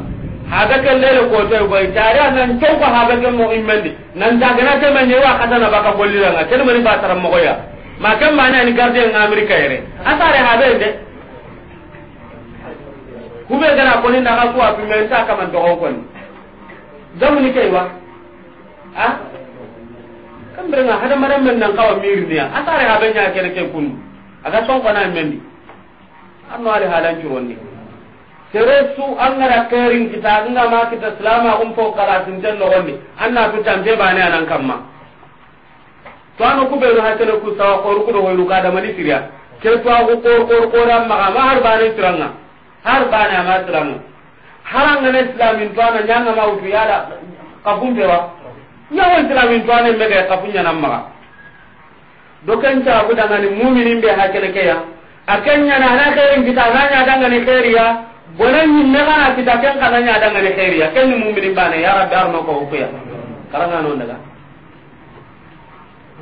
A: haga ken lele ko tay boy tare nan taw ko haga ken mo immendi nan daga na te manye wa kada na baka golli la ngatel mani ba taram mo ya ma kan ba ni gardien nga amerika yere asare ha de kube gara ko ni naga ko api men ta kama to ko ni zamu ni kaiwa a kan bere na hada maran men nan kawa mirniya asare habe nya kene ke kun aga ton ko men mendi anno ale halan curonni sere su an gara kairin kita an ga ma kita salama um po kala tin den no wonni anna tu tambe bane nan kamma to an ku be no hakene ku sawa ko ku do hoyru kada mani tiriya ke to agu ko ko ko ram ma ma har bane tiranga har bane ma tirangu haranga ne islamin to ana nyanga ma utu yada kabum bewa nyawo islamin to ana mega kafunya nan ma do kan ta abu daga ni mu'minin be hakene ke ya akanya na na kairin kita ganya daga ni khairiya bonan yin ne kana kita kan kana nya daga ni khairiya kan mu'minin bane ya rabbi arma ko ko ya karanga non daga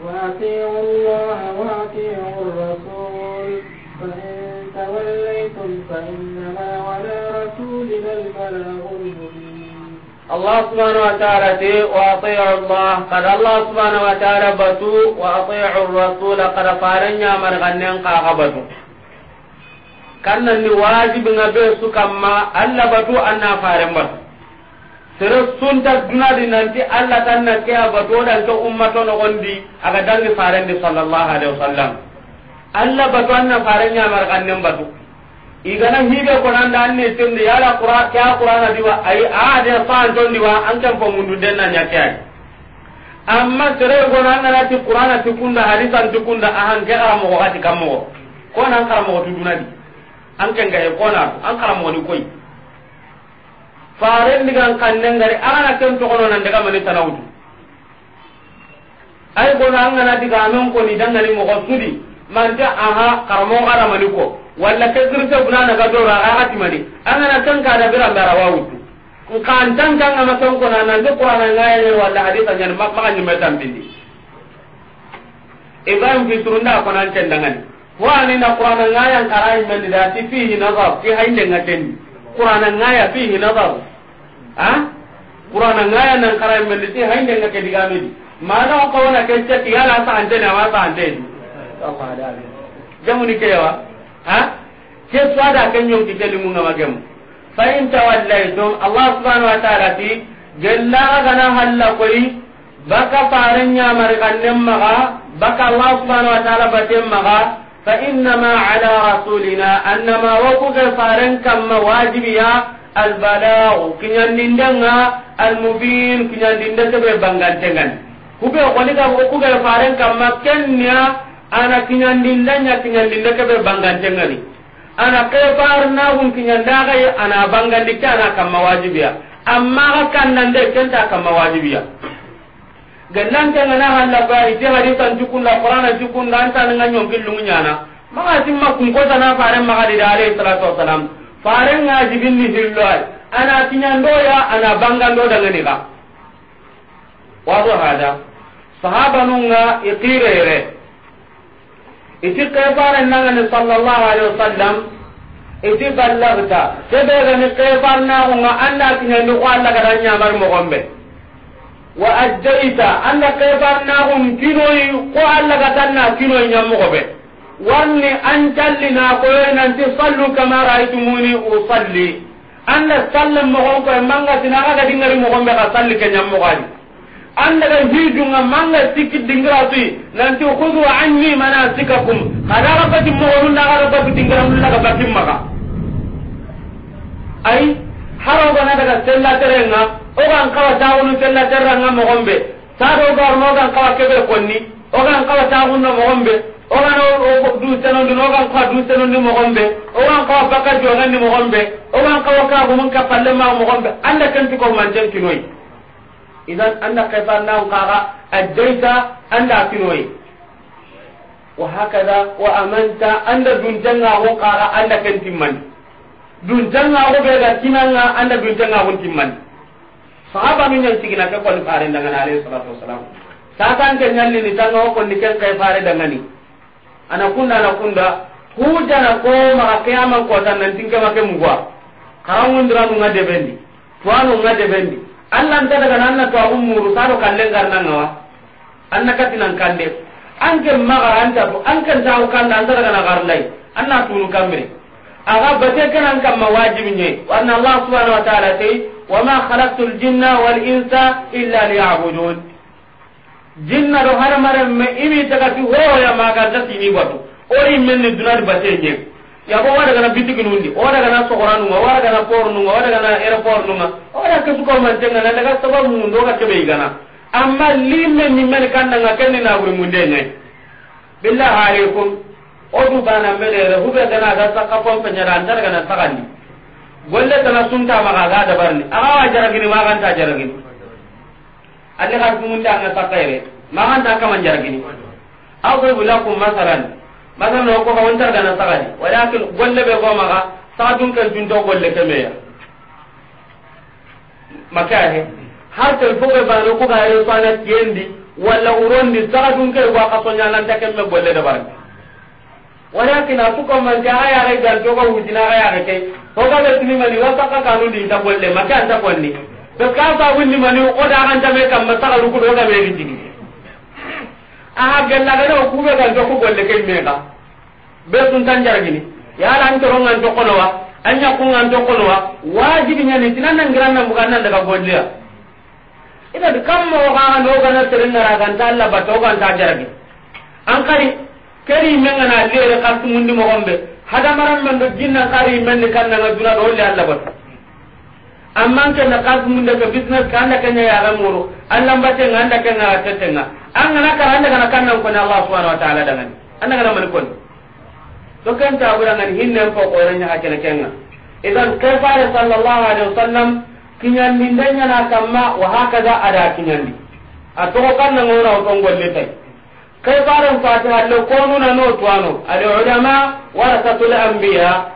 B: وأطيعوا الله وأطيعوا الرسول فإن توليتم فإنما على رسولنا البلاغ المبين
C: الله سبحانه وتعالى وأطيعوا الله قد
A: الله سبحانه وتعالى بتو وأطيعوا الرسول قد فارنيا من غنين قاغبتو kannan ni wajibi nga be su kamma alla batu anna faren batu sere sunta dunadi nanti allah tan na ke abatodanke ummato nogondi aga dangi farendi sallallahu alaihi wasallam allah batu anna fare ñamar kannen batu igana hiɓe konanda an ne tendi yala qura ke a qurana diwa ayi aade saantondiwa an ken fo mundu den na ñakke ay amma sere gono an ganati qurana e, ti kunda hadisan ti kunda ahan ke xaramogo xati kammogo konan xaramogo tudunadi an kengahe kona an xaramogo ni koy faren digan kannen gari agana ken tokono nan daga mani talawdu ay gono an ngana diga non ko ni dangani mo sudi manja aha karamo gara mani ko walla ke girta guna naga dora aga timani an ngana kan ka da bira bara wawutu kan tan kan ngama kan ko nan nan ko ana ngaye walla hadisa nyan mak maka nyima bindi ibrahim fi turunda ko nan tendangani wa ni na qur'ana ngayan karayin men da ti fi nazar fi hainde ngatendi qur'ana ngaya fihi nazar ha qur'ana ngaya nan karam men ti hande ngake digamedi na wa sa ande Allah da jamuni ke wa ha ke swada ken yong ti gelu mun ma gem fa in tawallaytum Allah subhanahu wa ta'ala ti gella gana halla koyi baka faran nya mar فإنما على رسولنا أنما وقف فارن كما واجبيا البلاغ كنيان دندنا المبين كنيان دندنا تبه بانغانتنغان kube koni ga ku ga faren kam makkenya ana kinyan dindanya kinyan dinda ke bangante ngani ana ke farna hun kinyan daga ana bangandi kana kam amma kan nan de kenta gannan ke ngana halla ba ite jukun jukunda qur'ana jukunda anta nga nyongil lungu nyana maka simma kun kota na fare maka di alayhi salatu wasalam fare nga jibin ni hillal ana tinyando ya ana bangando daga ni ba wado hada sahaba nunga iqirere iti kefare nanga ni sallallahu alaihi wasallam iti ballagta sebe ga ni kefarna nga anda tinyando ko alla ga nyamar mo gombe wa ajjaita anna kebarnahum kinoyi ko allah gatanna kinoyi ñammogoɓe warni an callina koyoy nanti sallu kama raitumuni usalli anda salle mogon koye manga sina aga gadingari mogonɓe ka salli ke ñammogoani andaga hijunga manga sikki dingiratuyi nanti hudu anni manasikakum kada aga bati mogonu nda aga bati dingiramullaga batin maga ay na daga sellaterenga o kan kawa taxunu tella terranga moxonɓe taɗo garno o kan kawa keɓe konni o kawa taxunno moxonɓe o du senondi o kawa du senondi moxonɓe o kawa bakka jongandi moxonɓe o kawa kagumun pallema moxonɓe anda kentikomanten kinoyi idan anda kefa nan kaga addaita anda kinoyi wa hakada wa amanta anda duntanga ho kaga anda kentimman duntanga ho be ga kinanga anda sahaba nu ñan sigina ke koni fare na alayhi salatu ke satanke ni tanga o konni ken kay fare ni ana kunna ana kunda jana ko ma maxa keyaman kotan nantinkema ke bendi to anu ngade bendi allah ta daga nan na to agu muru saro kallen na ngawa anna katinan an ke maga anta kan anke kan kanda ta daga na lai anna tunu kamre aga bate kanan kam wajibi ne warna allah subhanahu wa ta'ala tay وما خلقت الجن والإنس إلا ليعبدون جن دو هرمر ما إمي تغتي هو يا ما غدا سيني باتو أوري من الدنيا باتيني يا بو ودا غنا بيتك نوندي ودا غنا سقران نوما ودا غنا فور نوما ودا غنا إيرفور نوما ودا كسوكو من تنا نلقى سبب من دوغا كبي غنا أما لي من من كان نغا كني ناغري مندي بالله عليكم odu bana melere hube gana ga sakka pompe nyara andar gana sagandi golle tana sunta maga ga dabarni aga wa jaragini ma kan ta jaragini alli har mun ta na takaire ma kan ta kaman jaragini aqulu lakum masalan masalan ko ka wonta da na sagani walakin golle be go maga sadun kan junto golle kemeya maka he har ta fogo ba no ko ga yo sana tiendi wala urondi sadun ke wa ka sonya nan ta me golle dabarni walakin atuka man ja ya ga jogo hujina ga ya kai hogaɓe sinimani wa saka sakka bolle ma golle make anta gonni parce que a sabunnimani o da ta saka daxantame kamma sakarukuɗo ogaɓegi jigi aha gellagane o kuɓe gan joku golle ke mega ɓe suntan jargini yala an corongan tokonowa an ñakkungan tokonowa wajibi ñani tinan nangiranna mbugannan daga golleya itati kamma oxaxane kan ta allah batta oganta jargi an kari keri mengana lere kartumundi moxon ɓe hada maran man do jinna qari man ni kan na duna do le Allah bat amma ke na qaz mun da business kan da kanya ya ga muru Allah bate ngan da kan na tatenga an na ka an kan kan nan ko na Allah subhanahu wa ta'ala an anda na man ko to kan ta bura ngan hinne ko qorenya ha kana kenna idan kai fare sallallahu alaihi wasallam kinyan min danya na kama wa hakaza ada kinyandi atokan na ngora ngol le tai kai faran fatiha le nuna no tuano al ulama warasatul anbiya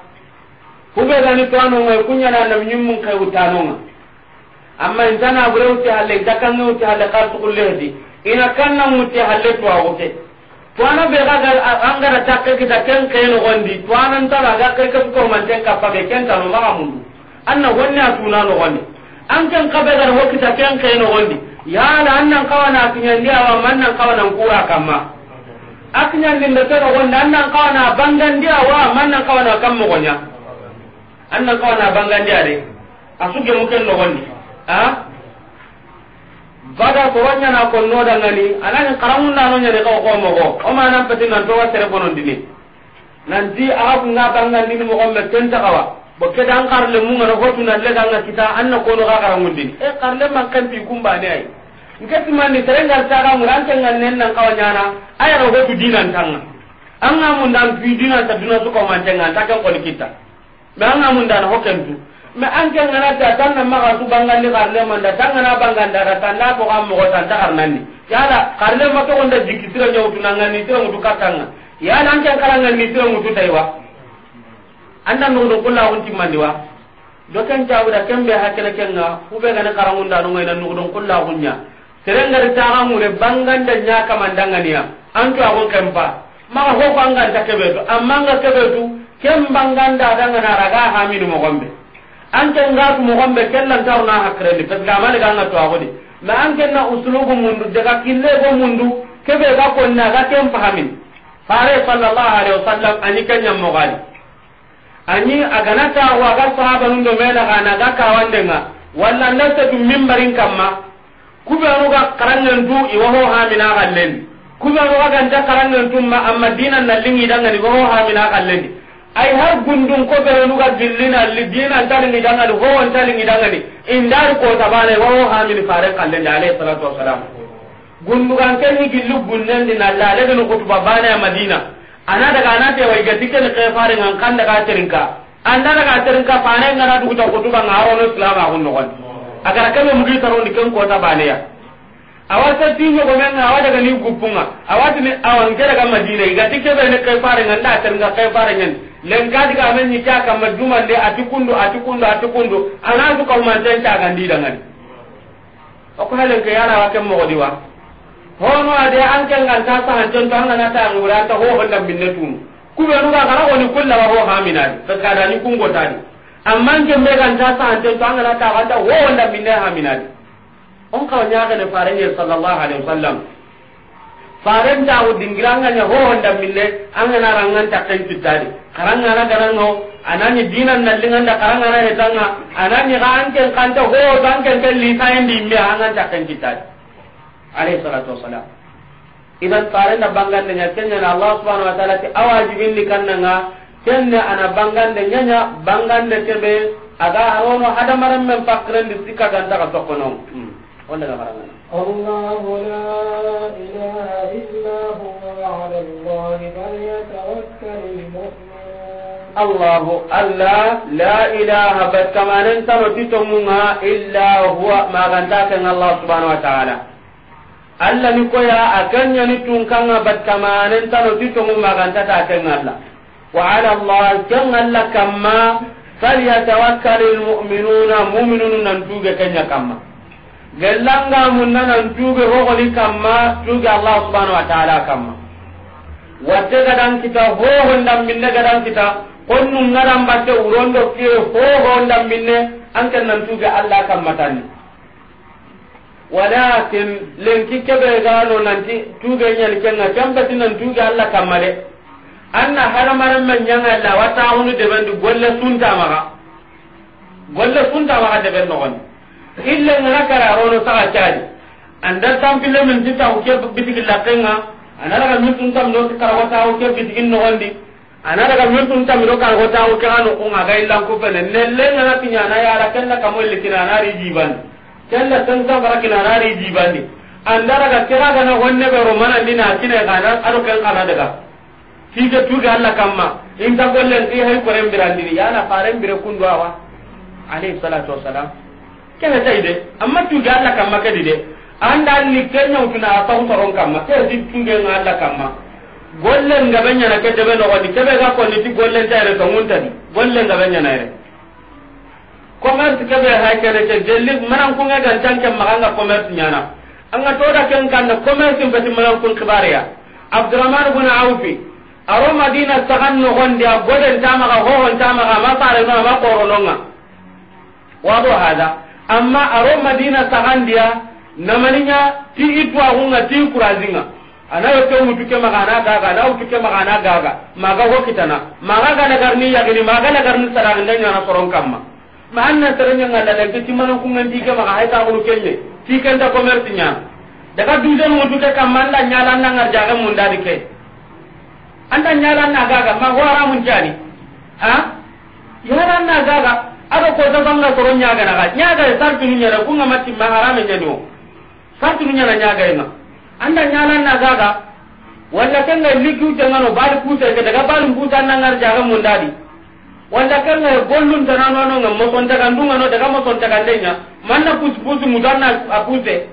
A: kube gani tuano ngai kunya na nam mun kai utano nga amma intana bure uti halle zakan no uti halle kulle di ina kan kanna muti halle tuwa uti tuana be ga angara takke kita ken ken gondi ta ntara ga kai ko man ten ka pabe ken tanu ma mundu anna wonna tuna na gondi an kan kabe ga ho kita ken na gondi yala annan kawana kinyan dia wa mannan kawana kuwa kamma akinyan da tero wanda annan kawana bangan dia wa mannan kawana kammo gonya annan kawana bangan dia de asuge muken no gondi ha bada wanya na ko no dangani anan karamun na no nyare ko ko ko o manan pati nan to wa telefono dini nanti aku ngabangan dini mo ko me kenta kawa bokke ke dan karle mun ngana ko tuna le dan kita anna ko no gara mundi e karle man kan bi kumba ne ai ngati man ni terengal tara mun ran ngal nen nan kawanya na ay ro hotu dinan tanga an na mun dan bi dinan ta dinan su ko man tanga ta kan ko kita me an ga mun dan hoken tu me an ke ngana ta tan na ga su bangal le karle man da tan na bangal da ta na ko am ko tan ta nan ni da karle ma ko onda dikitira nyawtu nan ngani tira mutu katanga ya nan ke karanga ni tira mutu taiwa anda do kula kun timmandi wa do ken jabuda kembe hakele ga kube gane da nung ina nungdo kulla kunya ta ga mure da nya kamandangania antu ago ba ma ho bangan ta do amma nga kebetu kem da da na raga ha minu mo gombe anke nga ko mo gombe lan ta na hakre ni pes gamale ga na to ago di ma anke na usulugu mundu daga kille go mundu kebe ga ko na ga kem pahamin fare sallallahu alaihi wasallam ani kanyam mo gali ani agana taxu aga sahabanundo melaxana aga nga walla ta satu mimbarin kamma kuɓenuga karangentu iwa ho hamina xallendi kuɓenuga ganta ma amma dina nallingidangani iwa ho mina xallendi ai har gundun ko ɓenuga gillinalli dinantalingidangani howontalingidangani indari kotabana iwa ho min fare xallendi alayhi salatu wasalam gundugan keni gillu gunnendi ni ko kutuba banaya madina ana daga ana te wai gati ken ke fare ngan kan daga terinka anda daga terinka fane ngana dugu ta kutuba ngaro no islam a hunno kon agara kame mugi taro ni ken kota bane ya awata tinyo go men awa daga ni gupunga awata ni awan ke daga madina gati ke be ne ke fare ngan da terinka ke fare ngan len ga ga men ni ta kam maduma de atikundu atikundu atikundu ana su ko man tan ta gandi dangan o ko halen ke yana wa kan mo godiwa hono ade an kan kan ta sa hanjon to an na ta ngura ta ho honda binne tun ku be ruga kana woni kulla wa ho ha minadi ta kada ni kungo tadi amma ke me kan ta sa hanjon to an na ta wanda ho honda binne ha minadi on ka nya ga ne faran ne sallallahu alaihi wasallam faran ta u dingiranga ne ho honda binne an na rangan ta kan kitadi karanga na garango anani dinan na lingan da karanga na tanga anani ga an kan kan ta ho kan kan li kain di me an ta kan alayhi salatu wassalam idan farenda bangande nya kenya na allah subhanahu wa ta'ala ti awajibin ni kannanga kenya ana bangande nya nya bangande kebe aga awono hada maram men pakren di ka الله
B: لا إله إلا هو وعلى الله فليتوكل المؤمنون
A: الله ألا لا إله بس كما ننتظر إلا هو ما غنتاك الله سبحانه وتعالى alla ni koya a akanya ni tunkanga batkamane tano titongu maganta ta kan tengalla wa ala allah tengalla kamma falyatawakkal almu'minuna mu'minun nan tuge kenya kamma gellanga munna nan tuge hogoli kamma tuge allah subhanahu wa ta'ala kamma watte gadan kita ho hondam minne gadan kita konnun ngadan batte urondo ke ho hondam minne kan nan tuge allah kamma tani walakin lenki kebe gano nanti tuge nyani kenga kambati nan tuge alla kamale anna haramaran man nyanga la wata hunu de bendu golle sunta maga golle sunta maga de ben nogon illa ngana kara rono saka chali anda tampile men tita o ke bitigi la kenga anara ga mutun do no kara wata o ke bitigi nogondi anara ga mutun tam do kara wata o ke anu o ngaga illa ko benen lelle ngana tinya na ya la kenna kamol likira na ri jibandi kella tan sa barakina nari jibandi andara ga kira ga na wonne be romana ni na kine ga na aro kan kana daga ga tu ga Allah kamma in ta golle ti hay korem birandi ya na farem bire kundu awa alayhi salatu wassalam kene tay de amma tu ga Allah kamma kadi de anda ni kenya utuna ata utoron kamma ke di tunge na Allah kamma golle ga benya na de be no ke be ga ko ni ti ta tayre to muntani golle ga benya na re commerce ke be hay kere ke jelli manan ko ngal tan ke maganga commerce nyana anga to da ken kan commerce be manan ko kibariya abdurrahman ibn awfi aro madina sagan no gonde a goden tama ga ho hon tama ga ma pare no ma wa wado hada amma aro madina sagan dia namaninya ti itwa hunga ti kurazinga anayo ke mutu ke magana gaga na utu ke magana gaga maga ho kitana maga ga na. nagarni yagini maga nagarni sarangnya na soron kamma ma anna taranya ngada na manan ku ngandi dike ma hay taxuru kelle ti kenta commerce nya daga duje mutu man la nyala na ngar jaga mun dari ke anda nyala na gaga ma wara mun jani ha yara na gaga ado ko ta banga koron nyaga na ga nyaga sar tunu nyara ngama ci ma harame nyani o sar tunu nyara nyaga ina anda nyala na gaga walla ga liku jangano bal ku ke daga bal ta na ngar jaga mun dari wala kan ga gollun da nano no ngam mo daga ndunga no daga mo konta kan denya man na pus pus mudanna apuse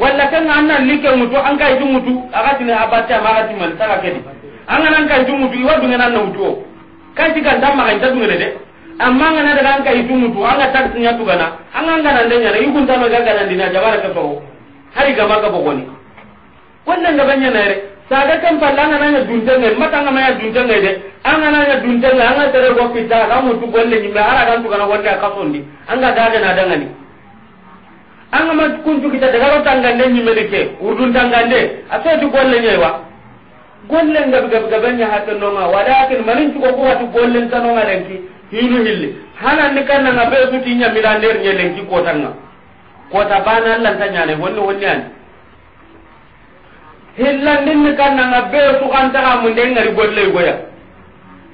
A: walla kan anna like mutu an kai mutu aga tin abatta ma aga tin man ka kedi an nan kai mutu iwa dunga nan mutu kan tika damma kan ta dunga de amma ngana daga an kai mutu an ga tak tinya tugana an an ga nan denya yi kun ta ma ga ga nan dina jabara ka to hari ga ma ga bogoni wannan ga banya na re saga kan palla nga nanya ne mata nga nanya ne de an anga nanya ne an tare go pita ga mu tu golle ni mara ga tu kana wanda ka an ga daga na daga ni an ma kuntu kita daga ro tanga ne ni meleke urdun tanga ne aso tu golle ne wa golle ngab gab gabanya hatta no ma walakin manin tu ko ko tu golle tano nga ki hinu hilli hanan ni kan nga be su tinya mirander nye lenki ko tanga ko ta bana lan tanya ne wonno wonni ani su kannanga be mun den ngari golle goya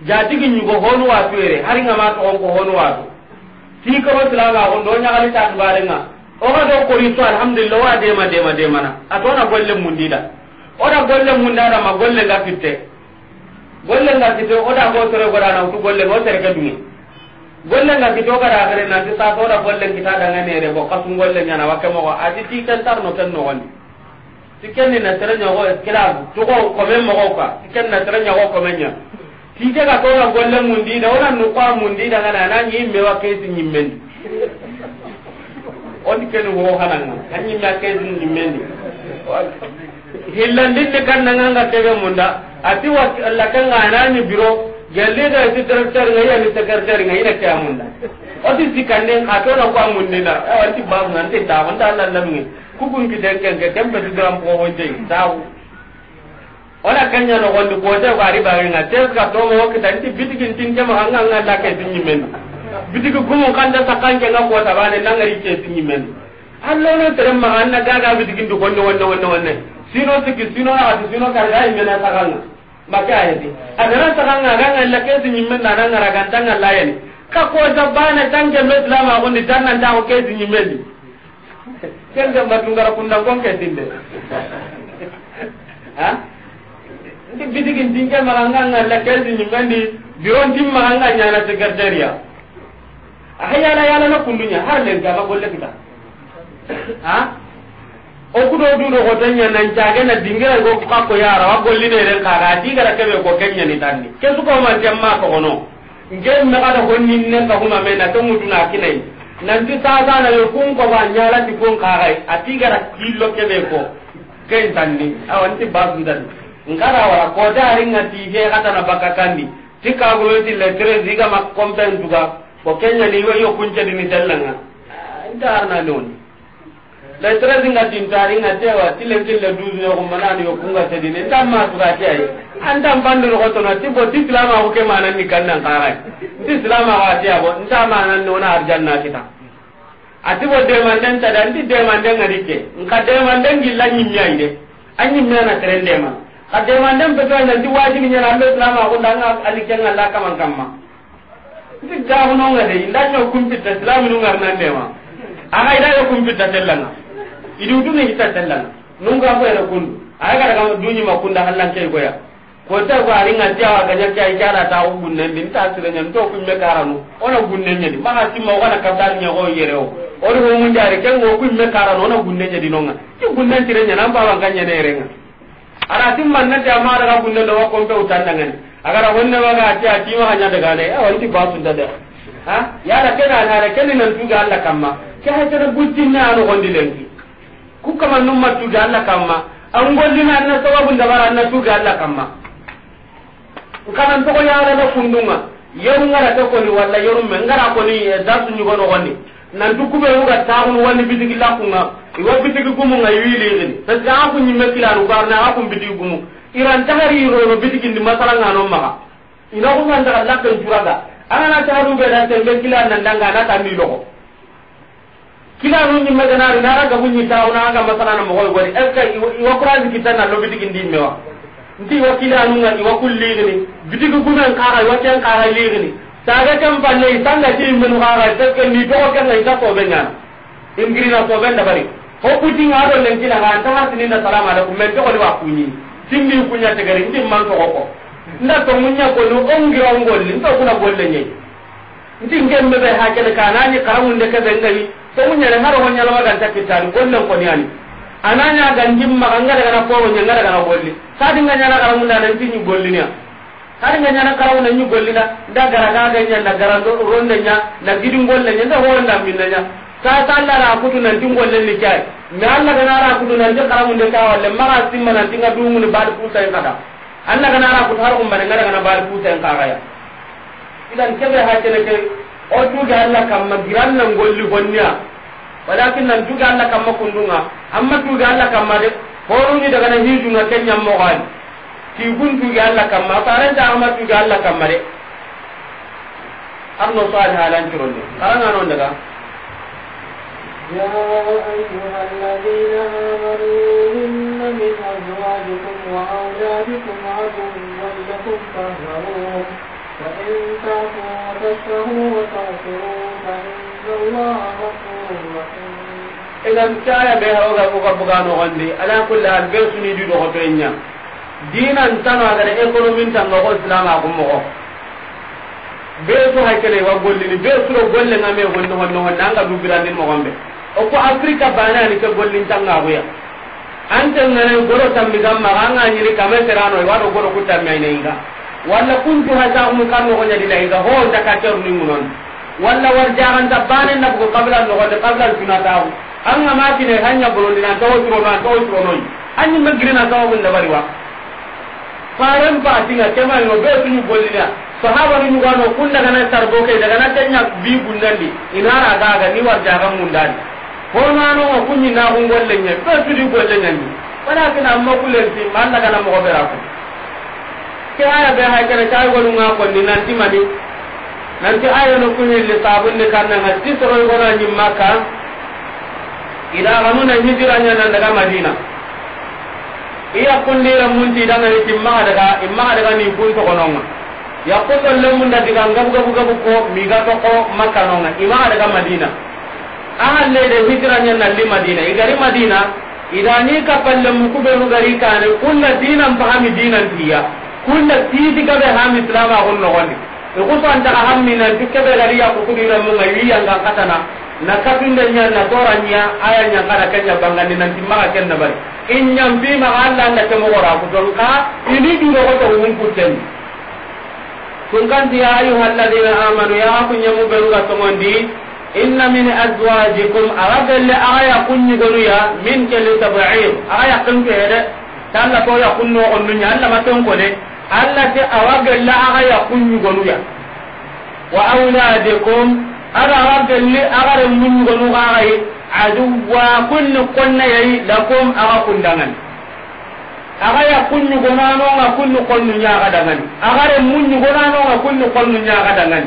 A: jatigi ñugo honu watuwere haringama ko honu wa sikoro silaga ko do ñagali o oga do koriso alhamdulillah wa dema dema demana atona golle o da golle ma golle nga fitte golle nga fitte da go go godana utu golle go ga kadungi golle nga fitte na ti sa to da golle kita re bo kasun golle ke mo ko ati ti ken tarno ken wani. kenni na tere ñogo esclave togo kome mogo ka kenni na tere ñogo kome ña tike ka toga golle mundida wona nukoa mundida ngana ana ñimmewa kesi ñimmendi oni keni ho hananga a ñimme a kesi na nga kannanganga kebe munda ati na anani biro gelliga iti directeur nga yani secrétaire nga ina kea munda oti sikanden ka tona koa mundida awanti babu nga nti dama nta allah lamungi kugun ki denken ke tembe ti gram ko honje taw ona kanya no wonde ko te bari bari na te ka to mo ko tanti bitigin tin ke ma nga ngalla ke tin yimen bitigi gumu kanda sakanke na ko ta bane nangari ke tin yimen allo no tere ma anna gaga bitigin do wonde wonde wonde wonde sino tiki sino ha sino ka ya yimen sakanga maka ayati adana sakanga ga ngalla ke tin yimen na nangara gantanga layen ka ko ta bane tanke meslama ko ni tanna ta ko ke tin yimen ken dem batungara kunda kon ke tinde ha nti bitigin tinke maganga ngalla kelsi nyimbendi biron tim maganga nyana secretaria ahayala yala na kundunya har len gaba golle kita ha o kudo du do ko tanya na caage na dingira go ka ko yara wa golli ne ren kaga digara kebe ko kenya ni tanni kesu ko man jamma ko ono ngem me kada ko ninne ka huma me na to na kinai nanti sasa na yo kun ko wanya la ti kun kagai atiga ra kilo ke be ko kai tanni awan ti basu dan ngara wala ko dari ngati he kata na kandi ti ka gulo ti le letre ziga ma kompen duga ko kenya ni yo kun ce ni tellanga ndar na non letre zinga tin tari ngate wa ti le ti le duzu yo ko mana ni yo kun ga tedi ni tamma tu ga tai andam bandu ko to na ti bo ti lama ko ke manan ni kannan kagai ti lama wa ti abo ntama nan nona arjanna kita ati bo demanden ta dan ti demanden ngadi ke nka demanden gilla nyimmiyai de anyimmiyana teren dema ka demanden be tan dan ti wajibi nyana ambe islama ko dan alike kam kaman kamma ti gahuno ngade inda kumpi kumpita islamu nu ngarna dema aga ida yo kumpita tellanga idu dunu hita tellanga nunga ko era kundu aga daga dunyi kunda hallan kay ya hota ko ari nga jawa ga nya kai kana ta gunne din ta sire nya to ku me karanu ona gunne nya ma ha timma ona katar nya go yere o ori ho mu jare ken go ku me karanu ona gunne nya di nonga ti gunne tire nya nan wa ganya ne renga ara timma nan ta ma daga gunne do ko ko utanda agara wonne wa ga ti ati ma hanya daga ne a wanti ba da da ha ya da kana na da kenin nan tuga Allah kamma ke ha tare gujjin na anu gondi lenki ku Allah kamma an gondi na na sababu da bara na tuga Allah kamma kanan to yaara da kundunga yeru ngara ta ko wala walla yeru men ngara ko ni eh, dasu ni gono wonni nan du kube uga taun wonni bitigi la kunga iwa bitigi gumu ngai wili gini tas ga aku nyimme kila ru barna aku bitigi gumu iran tahari ro ro bitigi ndi masala ngano maka ina ko ngan daga lakka juraga ana na taru be da tembe kila nan danga na tan ni loko kila ru nyimme ganari nara ga bunyi tauna ga masala na mo goy gori eska iwa kurazi na lo bitigi ndi wa. nti wa kilanunga iwa kulligini bitigi gumen kaxa iwa ken kaxa ligini saga ken palle isangati menu kaxa teske ni toxo kenga isa soɓengana ingirina soɓen dabari hokkutinga aɗo ta anta harsininda salamu aleykum men toxoli wa kuñini timmi kuña tegeri nti man toxo ko nda tomuña gonu ongira ngolli nto kuna golle ñeyi nti ngemme ɓe ha kene kanani karamunde keɓengayi tomuñane haro ho ñalama ganta ko gollen koniani ananya ganjim ma ganga daga na poro nya ngara daga golli sadi nganya na karamu na nanti nyu golli nya sadi nganya na karamu na nyu golli na da gara ga ga na gara do ronde nya na gidi golle nya da honda minna nya ta ta Allah ra kutu nanti golle ni kai me Allah ga na ra kutu nanti karamu de ka walle ma ga simma nanti ga dumu ni bad ku sai kada Allah ga na ra kutu har umma ngara ga na bad ku sai ka ya idan kebe ha tele ke o tu ga Allah kam ma giran nan golli walakin nan tuga Allah kamma kundunga amma tuga Allah kamma de daga na hijunga kenya mogal ti gun tuga Allah kamma parenta amma tuga Allah kamma de arno salih halan turonde karanga non daga
B: يا أيها الذين آمنوا إن من أزواجكم وأولادكم عدوا لكم فاهجروهم وإن تعفوا وتشفوا وتغفروا فإن الله غفور
A: idan kaya be ha oga oga buga no gonde ala kulli hal be suni di do hoto nya dinan tano aga de economy tan go islam a gum ko be so ha kele wa golli ni be so golle na me gonde honno honno anga du birande mo gombe o ko afrika bana ni ke golli tan ga ya ante ngane goro tambi gamma anga nyiri kame terano wa do goro kutammi ay nga walla kuntu hata um kan no gonya dina ga ho ta ka ter ni munon walla war jaran ta banen na ko qabla no gonde qabla tunata an ga ma tine hanya bolondi na tawo tiro na tawo tiro no an ni magri na tawo bunda bari wa faran pa tinga kema no be tunu bollina sahaba ni ngano kunna kana tarbo ke daga na tanya bi gundandi inara ga ga ni war jaga mundani horma no ko kunni na gun gollenye be tunu gollenye ni wala kana amma kulen ti man daga na mo be ra ko ke aya be ha kana ta golunga ko ni nan nanti mani nanti aya no kunni le sabun ne kanna ha tisro gona nyimma maka. ida ganuna hijira ñanan daga madina iya kundira munti dangani timmaa daga immaa daga ni kun togononga yakuto lemmunda diga ngabu gabu gabu ko miga toko makka nonga imaa daga madina ahallede hijira ñanalli madina igari madina idani kapalle mukubenu gari kane kunna dinan pahami dinan tiya kunna titi gabe ham islama kun so ikusantaa ham minanti kebe gari yakukudiramunga wiyanga katana na kapinda nya na tora nya aya nya kana kanya bangani nan timma ken na bari in nyam bi ma Allah na temo ora ku don ka ini duro ko to mun kutten dia ayu amanu ya ku nya mu beru ga to inna min azwajikum aradal aya kunni goru ya min aya ke ko ya kunno onnu nya Allah ma ton ko Allah awagal la aya kunni goru ya wa auladikum aga wa galli aga ran mun go nu ga yi aduwa kunni konna yayi lakum aga kundangan aga ya kunni go na no kunni konnu nya ga dangan aga ran mun go na no ga kunni konnu nya ga dangan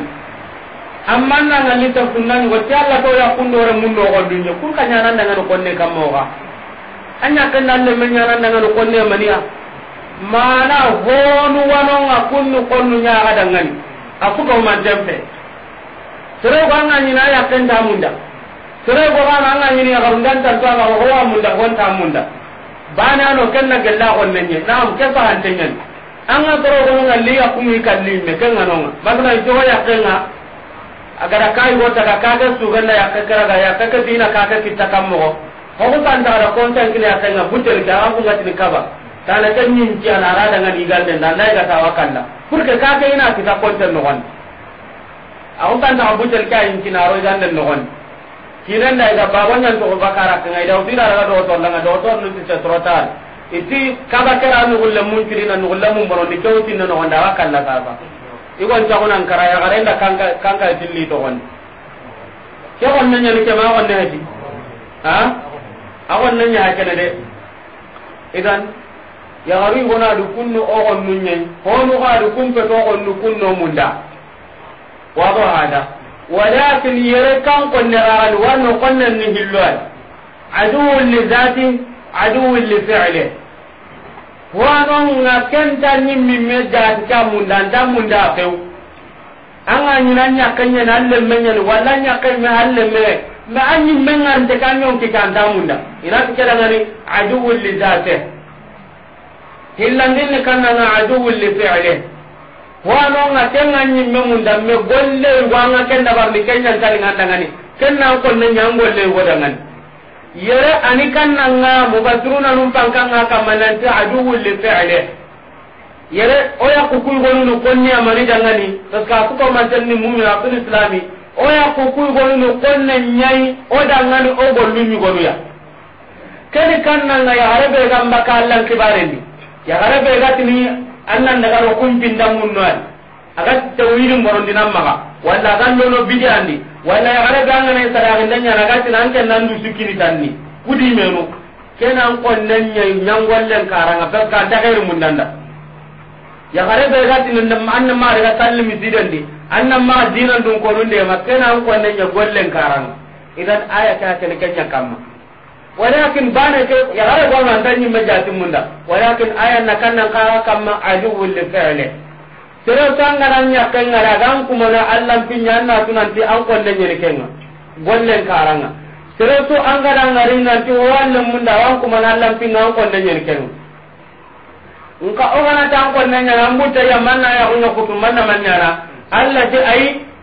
A: amma na ngalli ta kunnan go tialla to ya kunno ran mun do go dunya kun ka nya nan dangan konne kammo ga anya kan nan le men nya nan dangan konne maniya mana honu wanonga kunni konnu nya ga dangan aku ko man jampe sere ko ka ɲini ya ken ta munda sere ko ka ɲini nyini ya garunda ta to anga ho wa munda ko ta munda bana no ken na gella on nenye na am ke fa an ka toro ko nga li ya kumi kalli me ken ngano bagna to ya ken nga agara kai go ta ka ga su ganna ya ka kara ga ya ka ka dina ka ka kitta kam mo ho ko tan da ra kon tan kila ka nga butel ga ko ngati ni kaba tala kan nyin ci ana ra da ngadi gal den da nai ga ta wakanda pur ka ka ina kita kon tan no wan awu kan na butel ka in kinaro idan den nogon kinan da ga babon nan to bakara kan ai da udira ra do to langa do to nu ce trotal iti kaba kara nu gulle mun kirina nu gulle mun bono ni kewti nan nogon da wakal la saba igon ta kunan kara ya garen da kanka kanka dilli to gon ke gon nan ne ke ma gon ne hadi ha agon nan ya kana de idan ya gari gona du nu o gon nunye ko nu ga du kun pe to gon nu kunno munda wado hada walakin yere kan konne aral wano konne ni li zati li fi'li wano nga kenta ni mimme jati ka munda nda munda anga menya wala nya kanya alle me ma anyi mengar te kan yon ki kan damunda ina ti kada ngani aduwul li zati hillandin kan na aduwul li fi'li wanonga kenga nyimme mun damme golle wanga kenda barni kenya tali nganda ngani kenna ko ne nyangolle goda ngani yere anikan nanga mubadruna lum pangkanga kamalanti aduu li fi'li yere oya kukul gonu konni amani dangani saka ko ko manjani mumi akul islami oya kukul gonu konne nyai oda ngani o golmi mi golu ya kene kan nanga ya arabe gamba kallan kibare ni ya arabe gatini annan daga ro kumpin da mun noy aga tawilin boron dinan maga walla kan do no bidi andi walla ya gara ganga ne sara gindan nya raga tinan ken nan du sikini tanni kudi menu kenan kon nan nya wallan karanga ka da gairu mun danda ya gara be ga tinan nan an ma daga sallimi sidandi annan ma dinan dun ko dun de makena kon nan nya wallan karanga idan aya ta kene kenya kamma walakin bana ke ya hare ko man tan nyimme jati munda walakin ayan na kannan ka kamma aduwul li fi'li tere tanga nan ya kan ngara gan kuma na allah pinya na tunan ti an konne nyere kenga gollen karanga tere to an ga dan ngari nan ti walle munda wan kuma na allah pinya an konne nyere kenga nka o gana tan konne nyara mbuta ya manna ya unyo kutu manna manna allah ti ai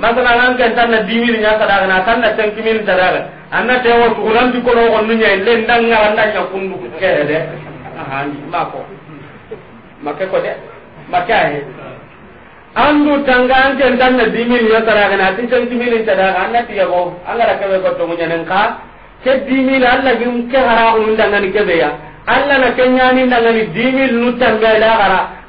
A: masala an kan tan na dimiri nya sadaga na tan na tan kimin sadaga anna te wa turan di ko ko nunya le ndanga wanda nya kundu ke de aha ma ko make ko de make ahe andu tanga an kan tan na dimiri nya sadaga na tin tan kimin sadaga na ti go anga ra ke ko to munya nan ka ke dimiri alla gim ke hara ko ndanga ni ke be ya alla na kenya ni na ngani dimil nu tanga ila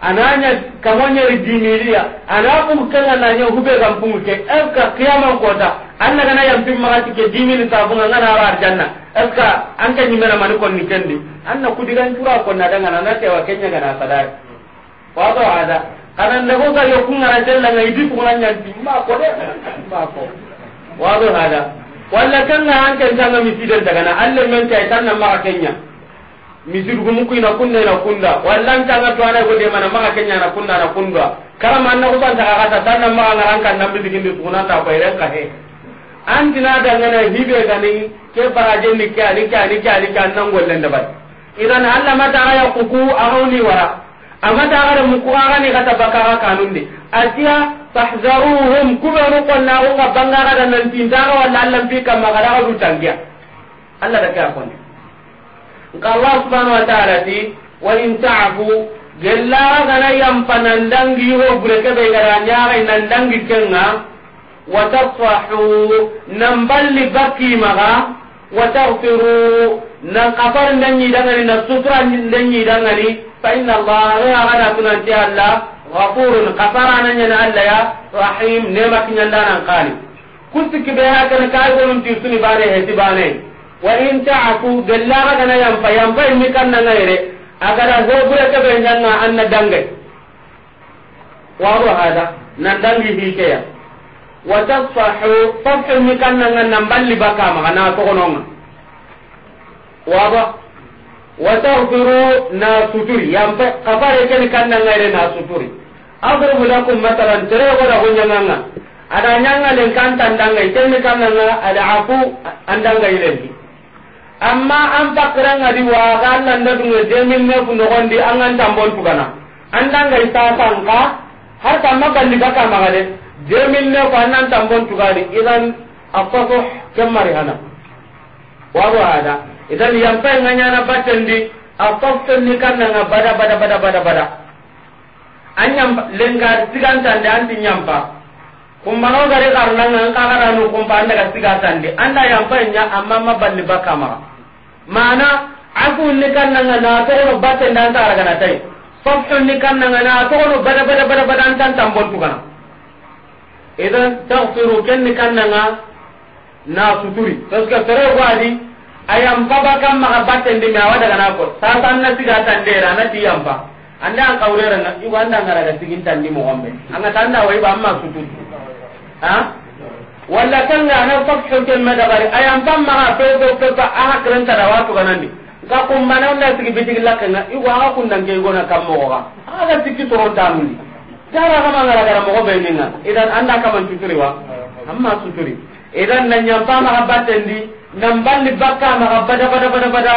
A: ananya kamonya ri dimilia anabu kanga na nyo hube gam punguke aka kiyama kota anna kana ya pim magati ke dimil ta bunga ngana ara janna aka anka ni mena man kon ni kendi anna kudigan tura kon na dangana na tewa kenya gana sadar wa do ada kana ndego ga yokunga na jalla ngai di punga nyanti ma ko de ma ko wa ada walla kanga anka kanga mi sidar daga na alle men ta tanna ma kenya misidugum kuina kunna ina kunda wallan tanga to ana go de mana maka kenya na kunna na kunda man na ko ta taka ta tanna maka ngaran kan nambi digin di suguna ta bayre ka he an dina da ngana hibe ga ni ke baraje ni ke ani ke ani ke ani kan nan gollen da bai idan Allah mata aya kuku ahuni wara amma ta ga mu ku aga ni kata baka ka kanun ni asiya tahzaruhum kubaru qallahu qabanga bangara da nan tindaga walla Allah bi kam da du tangiya Allah da ka konni nka allah subhanahu wa ta'ala ti wa in ta'fu gella gana yampa nandangi ho bureke be gara nyaare nandangi kenga wa tafahu namballi baki maga wa taghfiru nan kafar ndanyi dangani na sutra ndanyi dangani fa inna allah ya gana ti allah غفور قفرانا ين الله يا رحيم نعمك ين الله نقالي كنت كبه هكذا كاي قولون bare باني هتي باني wa in ta'fu galla kana yan yampa mi kanna ngaire agara ho bure nan an na dange wa ru hada na dangi hi ke ya wa tasfahu fafu mi kanna nan balli baka ma kana to kononga waro wa taghfiru na suturi fa kafare ke nan ayre na suturi adrubu lakum matalan tere ko da nan ada nyanga len kan tandanga iten kan nga ada afu andanga ilenki amma an pakiranga di waga allan da dunga ne ku ngon di an an tambon tugana andanga isasanka har tamma bandika kamagade min ne ko annan tambon tugani idan afaso kemmari hana wago hada idan yampai nganyana battendi afaftenni kannanga bada bada bada bada bada anyam lengar sigantande anti nyampa kumbano gare karnanga kagara nu kumpa anda ga sigantande anda yampai nya amma maballi bakama mana afu ni kannanga na togono batten dan tara gana tay fafu ni kannanga na togono bada bada bada bada an tan tambon tukana idan taghfiru kenni kannanga na suturi parce que sere wadi ayam baba kam ma batten de mi awada gana ko sa tan na siga tan de na ti yamba anda an kawrera na iwa anda ngara ga sigin tan ni mo gombe anga tan da wai ba amma suturi ha wala walla kanga anan ayan ban ma bari ayam to ba a pepa aha krenta da watu ganani ka kumma na onda sigi bitig lakanga igo aha kundan ke gona mo ga aga tikki toron tamuli ga ma ngara gara mo be ninga idan anda kama tuturi wa amma tuturi idan nan ba ma ha di. nan balli bakka ma bada bada bada bada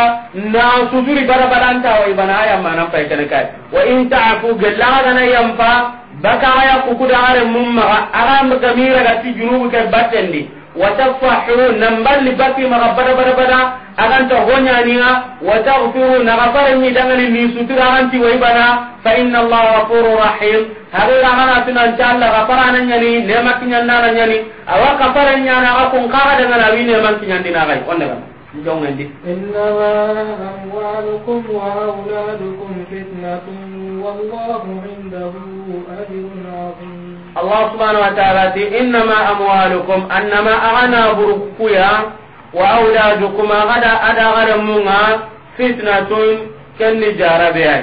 A: na suduri bada bada anta wa ibana aya manan fay kana kai wa in ta'fu galla na yamfa baka aya kukuda are mumma aram kamira gati junubu kai battendi watafahiru nambali bati maga bada bada bada aganta honyaniya watafiru nagafarani dangani nisutira aganti waibana fa inna allah wafuru rahim hagi gahana tina nchala gafarana nyani nema kinyandana nyani awa kafarani nyana akun kaha dangana wini nema kinyandina gai onda gana njongo ndi
B: inna ma amwalukum wa auladukum fitnatun wallahu indahu ajrun azim allah subhanahu wa ta'ala ti innama amwalukum annama agana
A: burukuya wa awladukum agada ada gada munga fitnatun kenni jarabe ay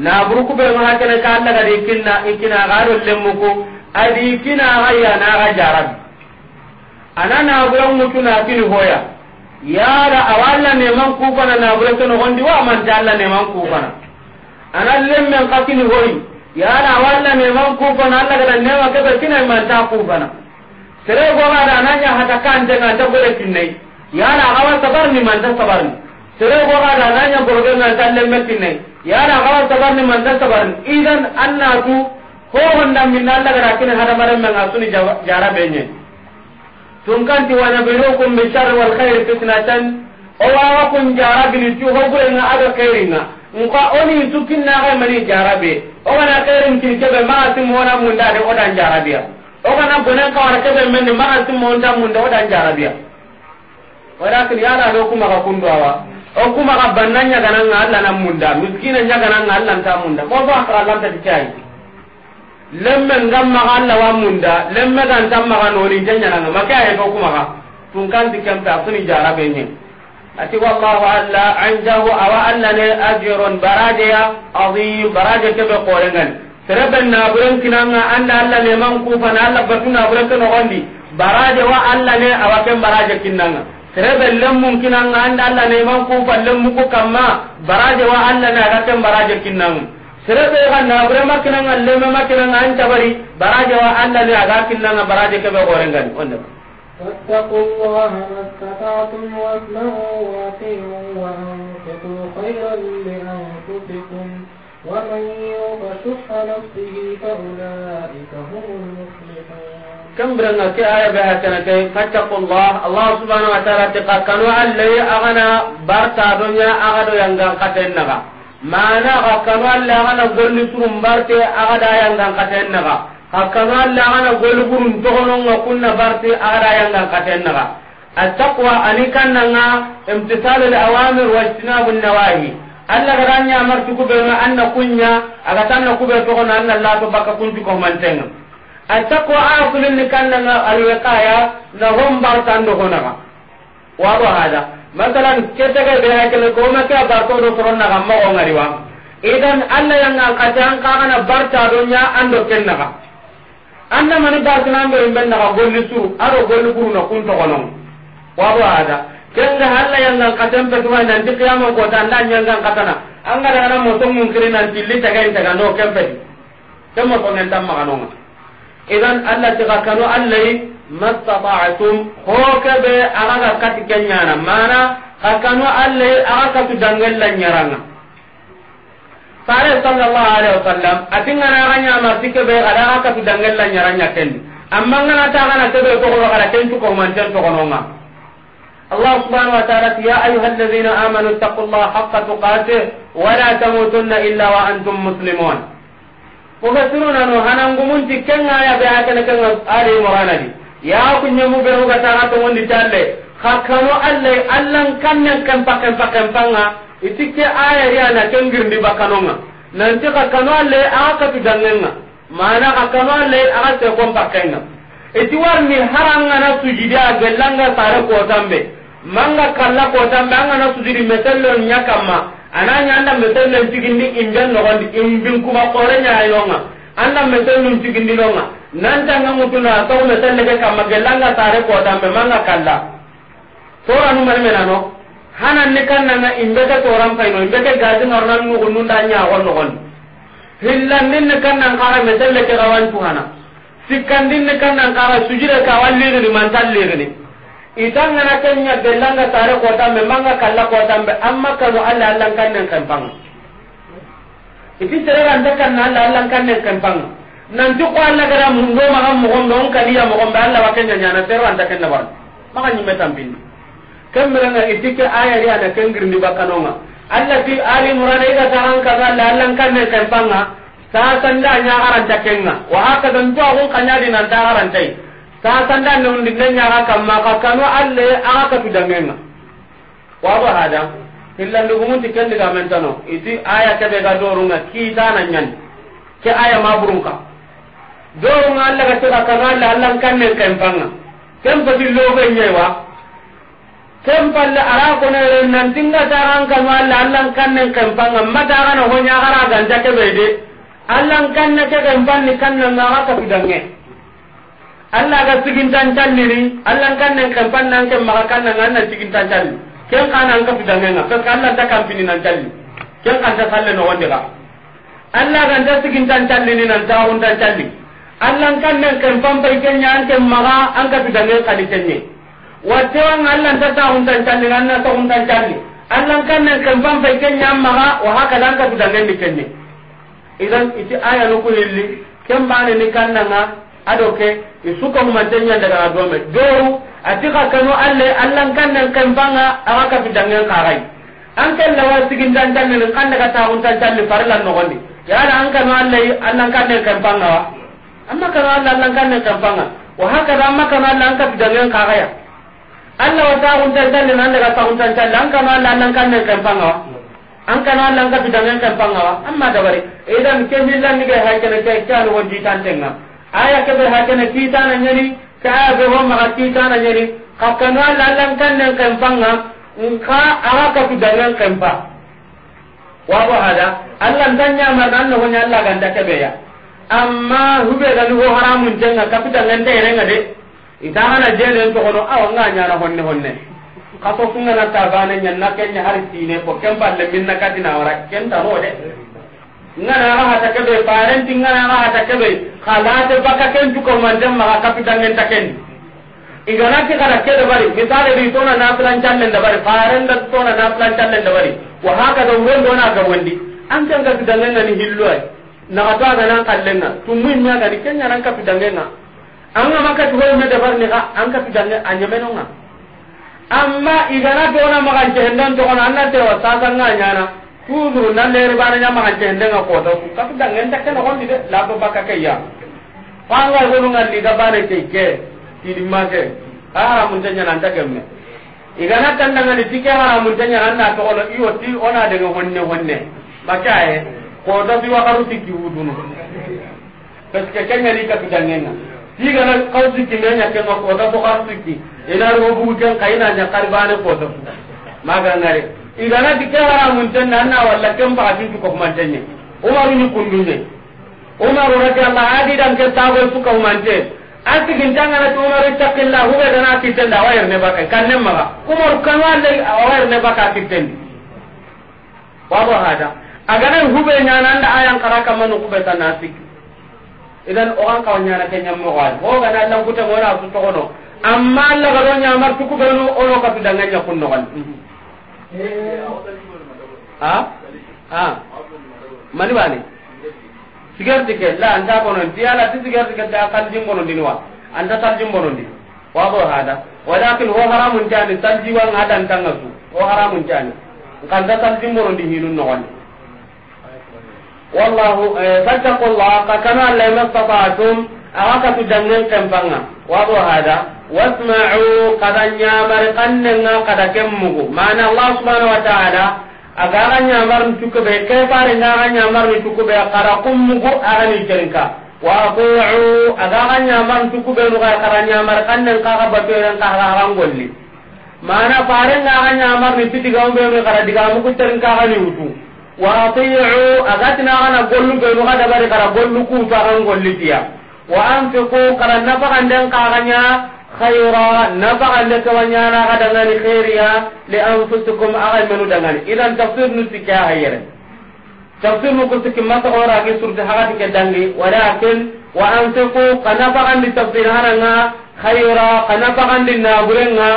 A: na buruku be ma hakana ka allah ga dikinna ikina garo lemmuko adi kina haya na ga jarabe anana buyan mutuna kini hoya yara awalla ne man ku kana na buruku no gondi wa man jalla ne man ku kana anan lemmen kini hoyi yala walla ne man ku fa nalla gala ne wa ke kina man ta ku na sere go ma da nanya hata kan de ngata go le kinai yala awa sabar ni man ta sabar ni sere go ma da nanya go go ngata le me kinai yala awa sabar ni man ta sabar ni idan anna tu ho wanda min nalla gala kina hada mare men suni jara benye tun kan ti wana bilukum bi sharri wal khair fitnatan o wa wa kun jara bi tu ho go nga aga khairinga nka oni intukin na ga mani jarabe o kana kairin kin kebe ma asim wona mun da de odan jarabiya o kana gonan ka war kebe men ma asim mon da mun da odan jarabiya y'a yala do kuma ka kundo awa o kuma ka bannanya ganan nan Allah nan mun da miskina nya ganan nga Allah ta mun da ko ba ka Allah ta tikai lemme ngam ma Allah wa mun da lemme gan tam ma kan oni janya nan ma kai ko kuma ka tun kan dikam ta suni jarabe nyen ati wallahu alla indahu awa alla ne ajrun baradeya azim barade kebe korengan sereben na buren kinanga anda alla ne man ku fa na alla batuna buren to nogondi baraje wa alla ne awa ken baraje kinanga sereben lemmun kinanga anda alla ne man ku fa lemmu ko kamma barade wa alla ne aga ken baraje kinanga serebe ga na buren makinanga lemme makinanga an tabari baraje wa alla ne aga kinanga baraje kebe korengan onda
B: واتقوا الله ما استطعتم واسمعوا واطيعوا وانفقوا خيرا لانفسكم ومن يوق شح نفسه فاولئك هم المفلحون
A: كم برنا كي آية بها كنكي فاتقوا الله الله سبحانه وتعالى تقاكنوا اللي أغنى بارتا دنيا أغدو ينغان قتل نغا مانا غاكنوا اللي أغنى قول لسرم بارتي أغدا ينغان قتل نغا hakaza alla ana golburun tohononga kunna barti agada yanga katennaga attaqwa ani kannanga imtisalu alawamir wa ijtinabu nawahi alla garanya martu kubena anna kunya agatanna kube togono anna la to baka kunju ko mantenga attaqwa asulun ni kannanga alwiqaya na hom bartan wa wado hada masalan ketega be hakele ko ma ka barto do toronna gamma ngari wa idan alla yanga ka kana barta donya ando kennaga anna mani barkinan be ben na golli su aro golli buru na kun to gonon wa ba ada kenga halla yanga katam be kuma nan di qiyama ko ta nan yanga katana anga daga mo to mun kire nan dilli taga in taga no kempe kemo to nan tamma kanonga idan alla tiga kanu allai mastata'tum hokabe aga kati kenyana mana kakanu allai aga katu la nyaranga fare sallallahu alaihi wasallam atingana ganya martike be ada aka tu dangella nyaranya ken amma ngana ta gana tebe ko ko kada ken ko man tan to kononga Allah subhanahu wa ta'ala ya ayyuhalladhina amanu taqullaha haqqa tuqatih wa la tamutunna illa wa antum muslimun ko gasiruna no hanangu mun tikkenga ya be akana kan ari moranadi ya kunyamu be ko ta to wondi talle hakkano alle allan kannan kan pakken pakken panga itikke aya ya na kengirndi bakanonga nanti ka kano aka aga katu dangenga mana ka kano alle aga te kon pakkenga iti warni haranga na sujidi a gellanga sare kotambe manga kalla kotambe anga na sujidi metellon nyakamma ananya anda metellon tigindi imben nogondi imbin kuma kore nyayonga anda metellon tigindi nonga nantanga mutuna taw metelle ke kamma gellanga sare kotambe manga kalla tora numarmenano hanan ni kan nanga imbe ke toran payno imbe ke gazi ngarnan nugu nunda nya gon gon hillan nin ni kan nan kara metelle ke gawan tuhana sikkan din ni kan nan kara sujire ka walli ni mantal li ni itanga na kenya belanga tare ko tambe manga kala ko tambe amma kanu alla allan kan nan kan pang iti sere ran da kan alla allan kan nan kan pang nan ju ko alla gara mun do ma mo gon don kaniya mo gon be alla wa kenya nya na sere ran da kan na war maka nyimetam pinni kemrenga itike ayari ana bakanonga bakkanonga
C: allati ali murana iga taran kaga alla allan kanne
A: sanda nya aran kenga wa dan to agun kanyadi nanta garantai sasanda newndinde ñaga ma ka kano alle aga katu wa ba hada hillandugumunti diga mentano iti aya keɓe ga dorunga kiitana nyan ke aya burunka dorunga alla ga tega kano alla allan kannen ko di lo be nyewa kem palle ara konere nantinga taran kanu alla allan kanne kempanga matagana hoñagara ke bede allan kanne ke ara ka kapidange alla ga tan ni allan kanne nan ke maxa sigin tan tan ke kan kanan ka parce na ke kan nan canni ken kanta salle noxondixa alla tan tan ni nan tan ni allan kanne kempan pay kenya an ke maka an ka kapidangen kadi kenye wa ta watewanga allah nta taxuntan canni anna taxuntan canni allah kannan ken fan fay ken ñammaxa wa hakada an katu dangendi kenni idan iti aya nu kunilli ken bane ni kannanga ado ke i sukahumante ñandagana dome doru ati xa kano alle allah kannan ken fanga axa katu dangen kaxay an ken lawa sigintan cannini kan daga taxuntan canni farila noxondi yala an kano alle allah kannen ken fanga wa amma kano alle allah kannen ken fanga wa haka da amma kano alle an katu dangen kaxaya Allah wa ta'un tan tan nan daga ta'un tan tan an kana Allah nan kan nan kan pangawa an kana Allah kan bidan kan pangawa amma da bare idan ke billan ni ga ne ke kan wa ji tan tenga aya ke be ne ti tan yari ka aya ga ho ma ti tan yari ka kana Allah nan kan nan kan panga ka ara ka bidan kan pa wa ba hada Allah dan ya mar nan wa nya Allah ganda ke be ya amma hube ga ni ho haramun ka tenga kapita ngende renga de itagana jelen togono awa nga ñana honne honne kaso kungana tagane ñanna kenya har tine ko ken palle minna katina wara ken tano de ngana ga hata kebe parenti ngana ga hata kebe te baka ken juko mandem ma kapitan nen taken igana ke kana kede bari misale di tona na plan channen da bari faren da tona na plan channen da bari wa haka da wondo na ga wandi an kan ga bidangen ni hillo ai na ga ta ga nan kallenga tumuin nya ga ni kenya ran kapitan na. anga maka to me da barni ga an ka tijanne anyameno nga amma igana dona magan cehendan to ona anna tewa sasa nga nyana kuzuru na le ribana nya magan cehenden nga ko to ka to dangen takke no hondi de la to baka kayya fanga gonu nga li ga bare ke ke tidimma ke ha mun tanya nan takke me igana tandanga ni tike ha mun tanya nan na to ona iyo ti ona de honne honne baka e eh, ko to bi wa karu tikki wudunu parce que kenya ni ka to dangen diga na kaw sikki ne nya ken ko da to ka sikki ina ro bu ken kai na nya kar bane ko to maga ngare iga na dikke haramun tan nan na walla ken ba tin ko man tan ne umaru ni kundun ne umaru radiyallahu anhu dan ke tago su ko man tan asigin tanga na to umaru taqilla hu ga na kitan da wayar ne baka kan ne maga umaru kan walle wayar ne baka kitan wa ba hada aga nan hube nya nan da ayan karaka manu kubeta nasik idan ogan kawa nyana ke nyam mo oh, gal ho ga na lan kuta mona su to no amma la ga do nyamar tuku be no ono ka tu danga nyakun no gal
B: ha ha mani
A: bani sigarti ke la anta kono diala ti sigarti ke da kan jimbo no dinwa anta tan jimbo no din wa do hada walakin ho haramun tani tan jiwa ngadan tangasu ho haramun tani kan ta tan jimbo no din hinun no gal wallahu eh, fattaqullaha ka kana la mastata'tum awaka tu dangen kembanga wado hada wasma'u kada nyamar kannenga kada kemmugo mana allah subhanahu wa ta'ala agaga nyamar ntuko be ke pare ngaga nyamar ntuko be kara kummugo agani jerinka wa ati'u agaga nyamar ntuko be nuga kara nyamar kannen kaga batoren kaga harangolli mana pare ngaga nyamar واطيعوا أغتنا أنا قلوا بينو غدا باري قرا قلوا كوفا غن قلوا ديا وأنفقوا قرا نفقا دين قاغنيا خيرا نفقا لكوانيانا غدا غني خيريا لأنفسكم أغي منو دغني إذا تفسير نسكا هيرا تفسير نقصك ما تقول راكي سورة حقاتي كدني ولكن وأنفقوا قنفقا لتفسير هرنا خيرا قنفقا للنابرنا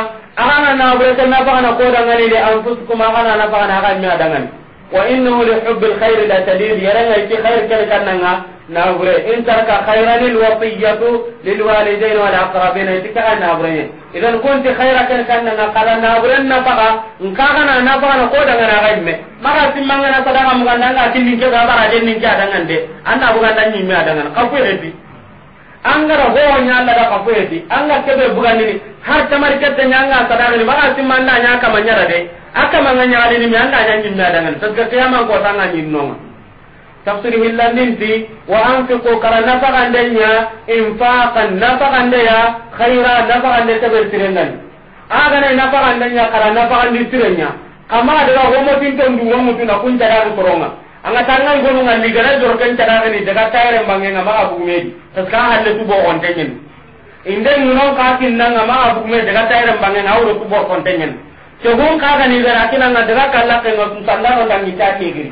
A: أغانا نابرنا نفقا نقول دغني لأنفسكم أغانا نفقا أغانا دغني wa innahu li hubbil khair la tadir yarenga ki khair kal na nabure in taraka khairan al wasiyatu lil walidain wal aqrabin itika nabure idan kunti khaira kal kannanga kala nabure na faga nka kana na faga na koda ngana gaimme maka timmanga na sadaka muganda nga tindin ke ga bara den nin ke adangan de anna buga dan nyi mi adangan kafu ga angara ho nya Allah da kafu redi anga kebe buga ni har tamar kette nya anga sadaka ni maka timmanda nya kamanya de aka manga nyaali ni mi anda nya nyimna dangan tadga kiyama ko tanga nyinno tafsir hillandin ti wa anfiqu kala nafaqa ndenya infaqan nafaqa ndeya khaira nafaqa nde tabel tirennan aga na nafaqa ndenya kala nafaqa ndi tirenya kama daga homo tinto ndu homo tuna kunta daru toronga anga tanga ngonu ngalli gara jorken tadaga ni daga tayre nga ma abu medi taska halle tu bo on tenyen inde ngino ka kinna ma abu medi daga tayre na awro tu bo on tenyen ke gon ka ga ni gara kina na daga kala ke ngam sallaro dan kita ke giri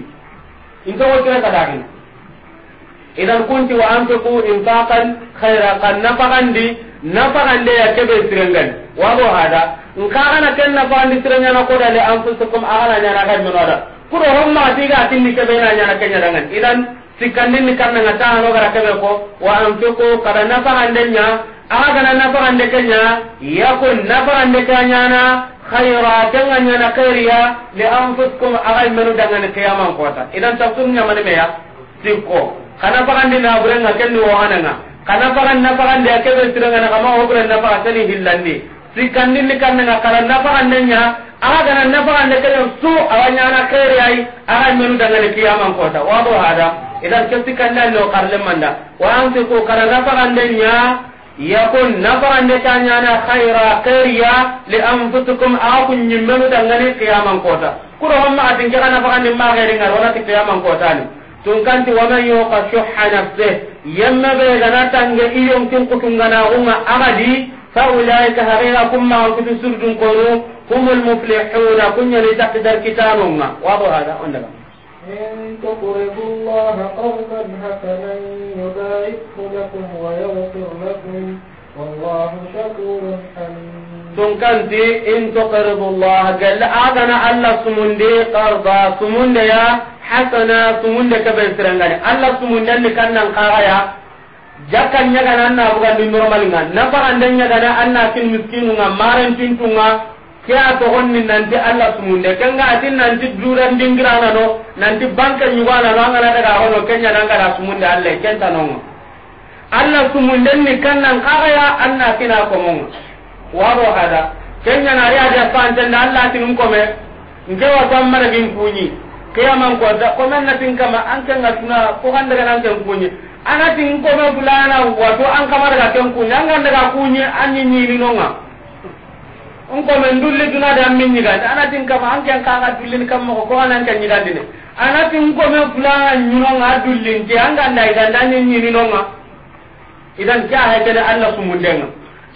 A: into wo kira kada gini idan kunti wa anfiqu infaqan khaira kan di nafaqandi de ya kebe sirengan wa bo hada in ka kana ken nafaqandi sirenya na ko dale anfusukum ala nya na kan menada kuro homma tiga tinni kebe na nya na kenya dangan idan sikandin ni kan na ta no gara kebe ko wa anfiqu kada de nya aga na nafaqande kenya yakun de kenya na khaira kenga nyana khairiya li anfusikum agai menu dangane kiyaman kota idan tafsir nya mane ya tikko kana di na burenga kenni wohananga kana bagan na bagandi akebe tiranga na kama obren na bagatani hillandi sikandi ni kannanga kala na bagandi nya aga gana na bagandi kelen su awanya na khairiyai agai menu dangane kiyaman kota wado hada idan kesikanda no karlemanda wa anfiqu kana na bagandi nya yakun nafarande tañana hayra kariya li anfusikum aga kun ñimmenu dangani qiyaman kota kuro homma atin kega nafarandi maxeringar wonati qiyaman kotani tun kanti waman yoka shuha nafse yemme ɓe gana tange iyonkin kutunganaxunga agadi fa ulaika harira kummaxan kutu surdun konu hum lmuflihuna kunñani taki dar kitanonga wado hada on
B: إن تقرضوا الله قرضا حسنا يضاعفه لكم ويغفر لكم والله شكور حليم
A: tunkanti in tuqridu Allah galla agana Allah sumunde qarda sumunde ya hasana sumunde ka be sirangani Allah sumunde ni kannan qaraya jakan nyaga nan na bugan di normal ngan na pa andanya na anna kin miskinu nga maren tunga. ke a togonni nanti allah sumunde kenga ati nanti no nanti banke ñugoanano angana daga hono kenñanangada sumunde allah kentanongo allah ni kannan kaxaya anna kina komonga waro hada kenñanari ada fantende allah tinum kome nke wasammaragin kuñi kiyaman kota na natin kama an kenga suna ko kan daga nan ken kunyi anati ngome bulana wato an kama daga ken kunyi an daga kunyi an ni ni nonga on ko men dulli duna da min ni ga ana tin kama an kan ka dulli ni kam ko ana kan ni ga dine ana tin ko me kula nyuno ga dulli je an ga ndai ga ndani ni ni no ma idan ja ha ke da Allah su mudenga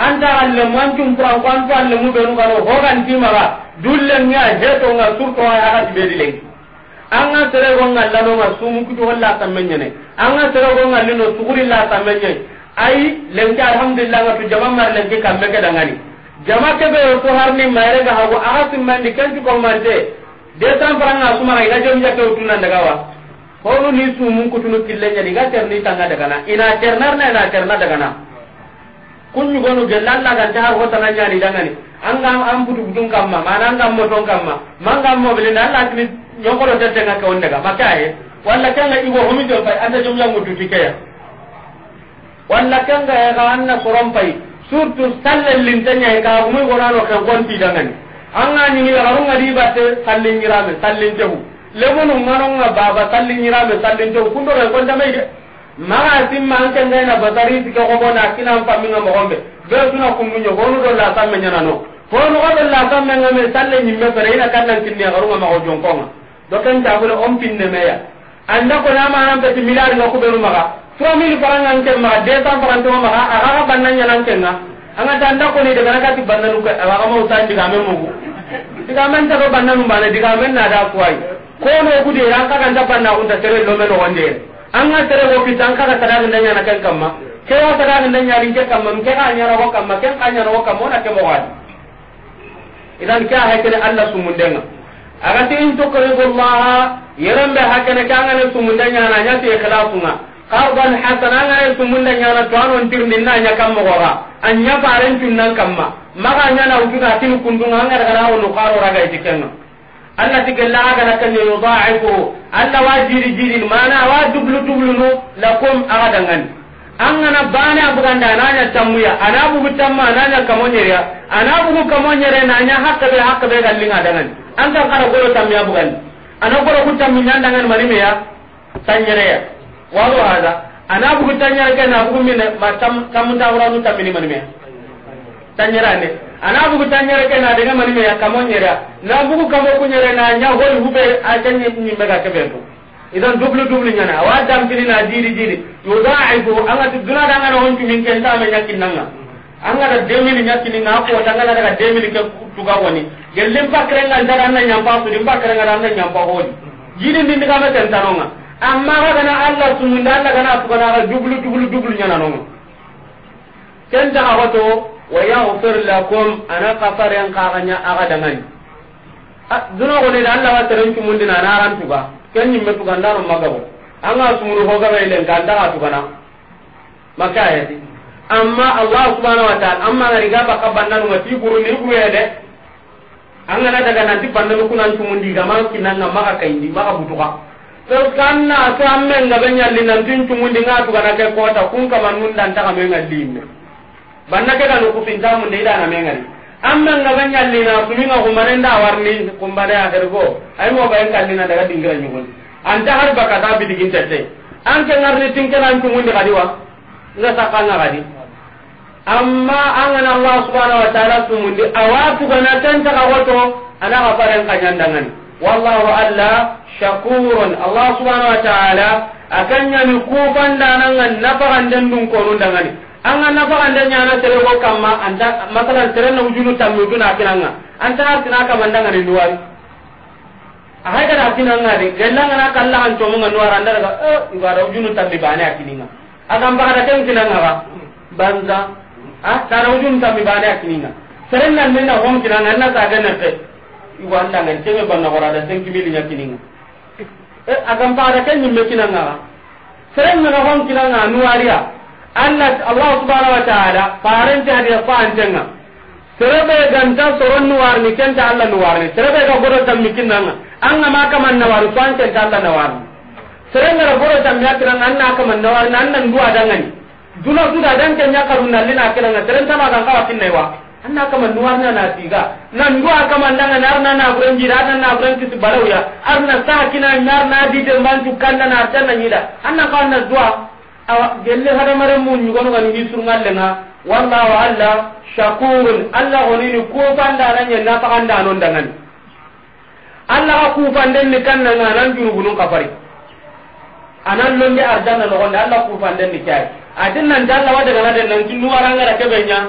A: anta Allah man tum ko an ko an mu be no ga no ho kan ti ma ga dulle ni a je to ga sur ko ha ga be dilen an ga tere ko ga lano ga su mu ku to Allah ta men ne an ga tere ko ga lino suguri la ta men ne ai lenka alhamdulillah ga tu jama'a lenka kan me ga dangani jama ke be ko harni mayre ga hago aga timmandi kan ko marte de tan paranga suma ga jom jake utuna daga wa hono ni su mun sumun kutunu kille nyani ga terni tanga daga na ina ternar na ina ternar daga na kunyu gonu gelalla ga ta hago tanan nyani daga ni an ga an butu butun kamma mana an ga moton kamma man ga mo bele na Allah ni nyokoro tete ga ka ondaga makaye walla kanga igo homi do fay anda jom jangu tutike ya walla kanga ga anna soron fay surtout sallellin tanya ka gumi gorano kan gonti dangani anga ni ni garu ngadi batte sallin girame sallin tehu lebunu maronga baba sallin girame sallin tehu kundo ga gonda mai de maga timma an kan na batari ti ko bona kina am paminga mo gombe be suna kumunyo gonu do la samme nyana no hono ko la samme ngame sallin nyimme bere ina kan nan tinni garu ngama ko jonkonga do kan ta bula on pinne meya anda ko na ma nan be milari ngako be maga trois mille franc an ken maxa deux cent franc toma maxa axaxa banna ñanan kenga anga tanda koni degana kati bannanu axamao sa digame mogu digamen taɗo bannanu mbane digamen nada kuwayi kono gudere an kaganta bannaxunta sere lome noxondeen anga sere wokita an kaga sadaginda ñana ken kamma kewa sadaginda ñanin ke kamma m ke xa ñanaxo kamma ken xa ñanaxo kamma wona ke moxoadi idan ke a hekene allah sumundenga agati in tukridu llaha yerembe hakene ke angane sumunda ñana ñati ikhlasunga qardan hasana ngare tumunda nyana to anon tirni na nya kam mogora anya paren tunnan kamma maka nyana utuka tin kundung ngare gara wono qaro raga itikenga alla tigella aga na kan yudha'ifu alla wajiri jirin mana wa dublu dublu no lakum agadangan angana bana abuganda nanya tamuya anabu gutamma nanya kamonyeriya anabu kamonyere nanya hakkabe hakkabe gallinga dangan ta kala golo tamya bugan ana golo gutammi nyandangan marimeya ya wado hada ana bugu tanyar ke na bugu mine ma tam tam tawra nu tamini man me tanyara ne ana bugu tanyar ke na daga man me ya kamon yara na bugu kamo kunyere na nya hol hube a tanye ni mega ke bento idan dublu dublu nyana wa dam tini na diri diri yudaifu anga duna da ngana honju min ken ta me nyakin nanga anga da demini nyakini na ko ta ngana daga demini ke tuga woni gellem pakrenga ndara na nyampa su dimpa krenga na nyampa holi yini ndindiga me tentanonga amma ka gana allah sumunda allah gana tugana ka jublu jublu jublu nyana nongo kenta ka to wa yaghfir lakum ana qafaren ka ganya aga dangani ah, duna ko ne allah wa taren kumundi na naran tuga ken an tuga ndaro magabo anga sumuru hoga be len kan daga tugana maka ayati amma allah subhanahu wa ta'ala amma ngari ga baka bandan ngati buru ni ku yede anga daga nanti bandan ku nan tumundi ga ma na maka ni maka butuka to kanna sa amme nga benya linan tin tumundi nga to kana ke kota kun kama nun dan ta kame nga linne banna ke da ku tin tamu de ida na me ngari amma nga benya su kumi nga kumare nda warni kumbare a hergo ai mo bayen kallina daga dingira an anta har baka ta bidigin tete an ke ngarni tin kana tumundi wa nga sakanga kadi amma an angana allah subhanahu wa ta'ala tumundi awatu kana tan ta kawoto ana ka paren kanyandangan wallahu alla shakurun allah subhanahu wa ta'ala akanya ni kufan dananga nafakan den dun ko dun an anga nafakan den nyana tere ko kamma anda masalan tere na ujunu tammi dun akinanga anta tina ka mandanga ni duwari ahay kada akinanga de gelanga na kalla an to munga nuwara anda daga eh ibara ujunu tammi bane akininga agam ba kada ken kinanga ba banza ah tara ujunu tammi bane akininga tere nan ni na hom kinanga na ta ga na igo anda ngan teme banna gora da sen kimili nya kininga e agam para ken nyimme kinanga sereng na hon kinanga anuaria anna allah subhanahu wa ta'ala parente hadiya fa antenga serebe ganta soron nuwar ni kenta allah nuwar ni serebe ga goro tam mikinanga anga maka man nawar so anten ta allah nawar sereng na goro tam yakira anna ka man nawar nan nan dua dangani duna suda dan kenya karunna lina kinanga sereng ta ma kan kawa kinnewa anna kama nuwarna na tiga na ndua kama ndanga narna na brenji rana na brenji si ya arna sakina narna di de mantu kanda na arsana nyida anna ka na dua awa gelle hada mare mun nyugo no kan hisur walla wa alla shakurun alla gonini ko banda na nyella ta kanda non dangan alla ka ku banden ni kanna na nan juru bunun kafari anan londe ardana lo gonda alla ku banden ni kai adin nan dalla wa daga nan nan tun nuwara ngara ke benya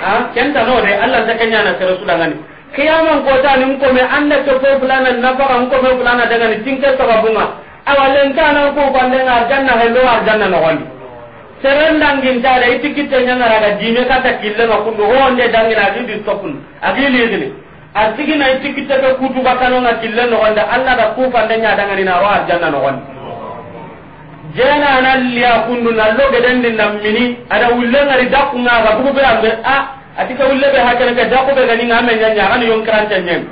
A: ha kenta no de Allah ta kenya na sere sudangan kiyaman ko ta nin ko me anda to ko fulana na fa an ko me fulana daga ni tinka sababunga awalen ta na ko bande ngar janna he lo ar janna no wani dan gin ta da itikite nya ngara ga ka ta kille ma ko ho onde dangina di di stopun agili gili asigi na ta ko kutu bakano kille no wanda Allah da ko bande nya daga ni na ro ar janna na wani jena na liya kundu na loge dendi na mini ada wulle ngari dakku nga ga bugu be ambe a atika wulle be hakene ka dakku be gani nga men nyanya kan yon kranta nyen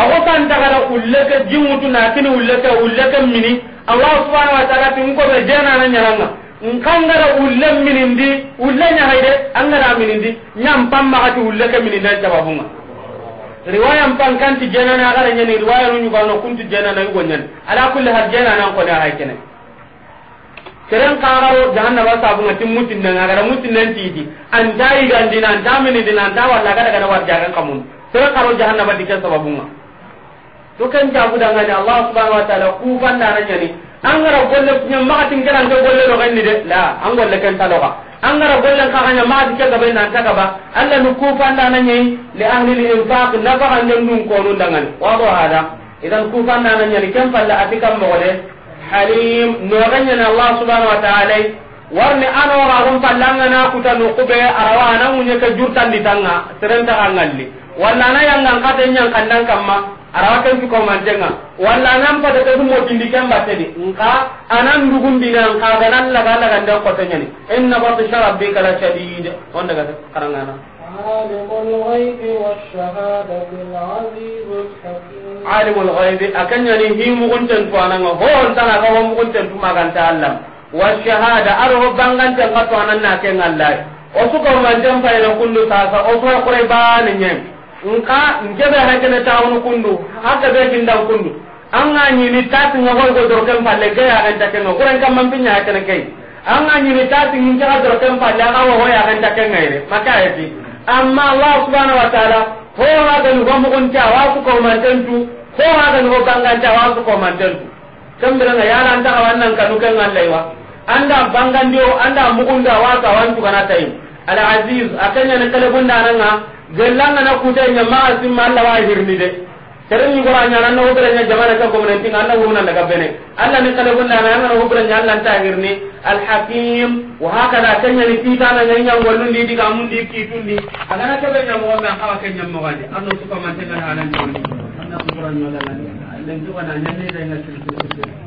A: ago kan tagara wulle ke jimutu na kini wulle ke wulle ke mini allah subhanahu wa ta'ala tin ko be jena na nyaranga nkangara wulle mini ndi wulle nya haide angara mini ndi nyam pamma ka wulle ke mini na jababunga riwaya mpan kanti jena na gara nyani riwaya nu nyugano kunti jena na yugo nyani ala kulli hal jena na ko da haikene seren kagaro jahannaba sabunga tin mutindenga agada mutinen tiiti anta yigandina anta minidina anta walla agada gada warjagen kamunu seren karo jahannaba dike sababunga to ken jabudangani allah subhanau wa taala kufandananyani angara golle ñammaxatin kenante golle loxenni de la an golle kenta loxa angara gollen kaxaña maxati ke gabe nanta gaba allah nu kufandananyai li ahli linfaq nafaxanden dun konundangani wado hada idan kufandananyani ken falla ati kam moxode halim na allah subhanau wa taala warni anoragun pallangana kuta nukube arawa ana ŋuñeke jurtanditanga serentaka na walla ana yangankate ñankandan kamma arawa anan laga inna la shadid on daga karangana
B: عالم الغيب والشهادة العزيز الحكيم عالم
A: الغيب أكن يعني هي مغنتن فانا هو انتنا كهو مغنتن فما كانت ألم والشهادة أره بانغان تنقطع أن ناكين الله وسوك ومجن فإن كل ساسا وسوك قريبان نيم nka nkebe hakene taawunu kundu haka be gindan kundu anga nyini tati ngoy go dorkem palle ga ya ganta kenno kuran kam man pinya hakene kay anga nyini tati ngi ka dorkem palle ga wo ya ganta kenno ire maka yati amma allah subhanahu wa ta'ala ho ha ga no mugun ta wa ku ko man tantu ho ha ga no bangan ta wa ku ko man tantu kambira na yala anta ka wannan kanu kan allah wa anda bangan dio anda mugun da wa ka wan kana tayi al aziz akanya ne kale bunda nan ga gellanga na kutai ne ma asim ma allah wa hirni de tere ni gora nyana no hubra nya jamana ka ko menen tinga na wona daga bene Allah ni kala gunna na ngana hubra nya Allah ta hirni al hakim wa haka da tanya ni tita na nya wallu ni diga mun di ki ni
C: aga na ke benya mo ma hawa ke nya mo gadi Allah su ka man tanga halan ni Allah gora nya Allah ni Allah ni na nya ni da nya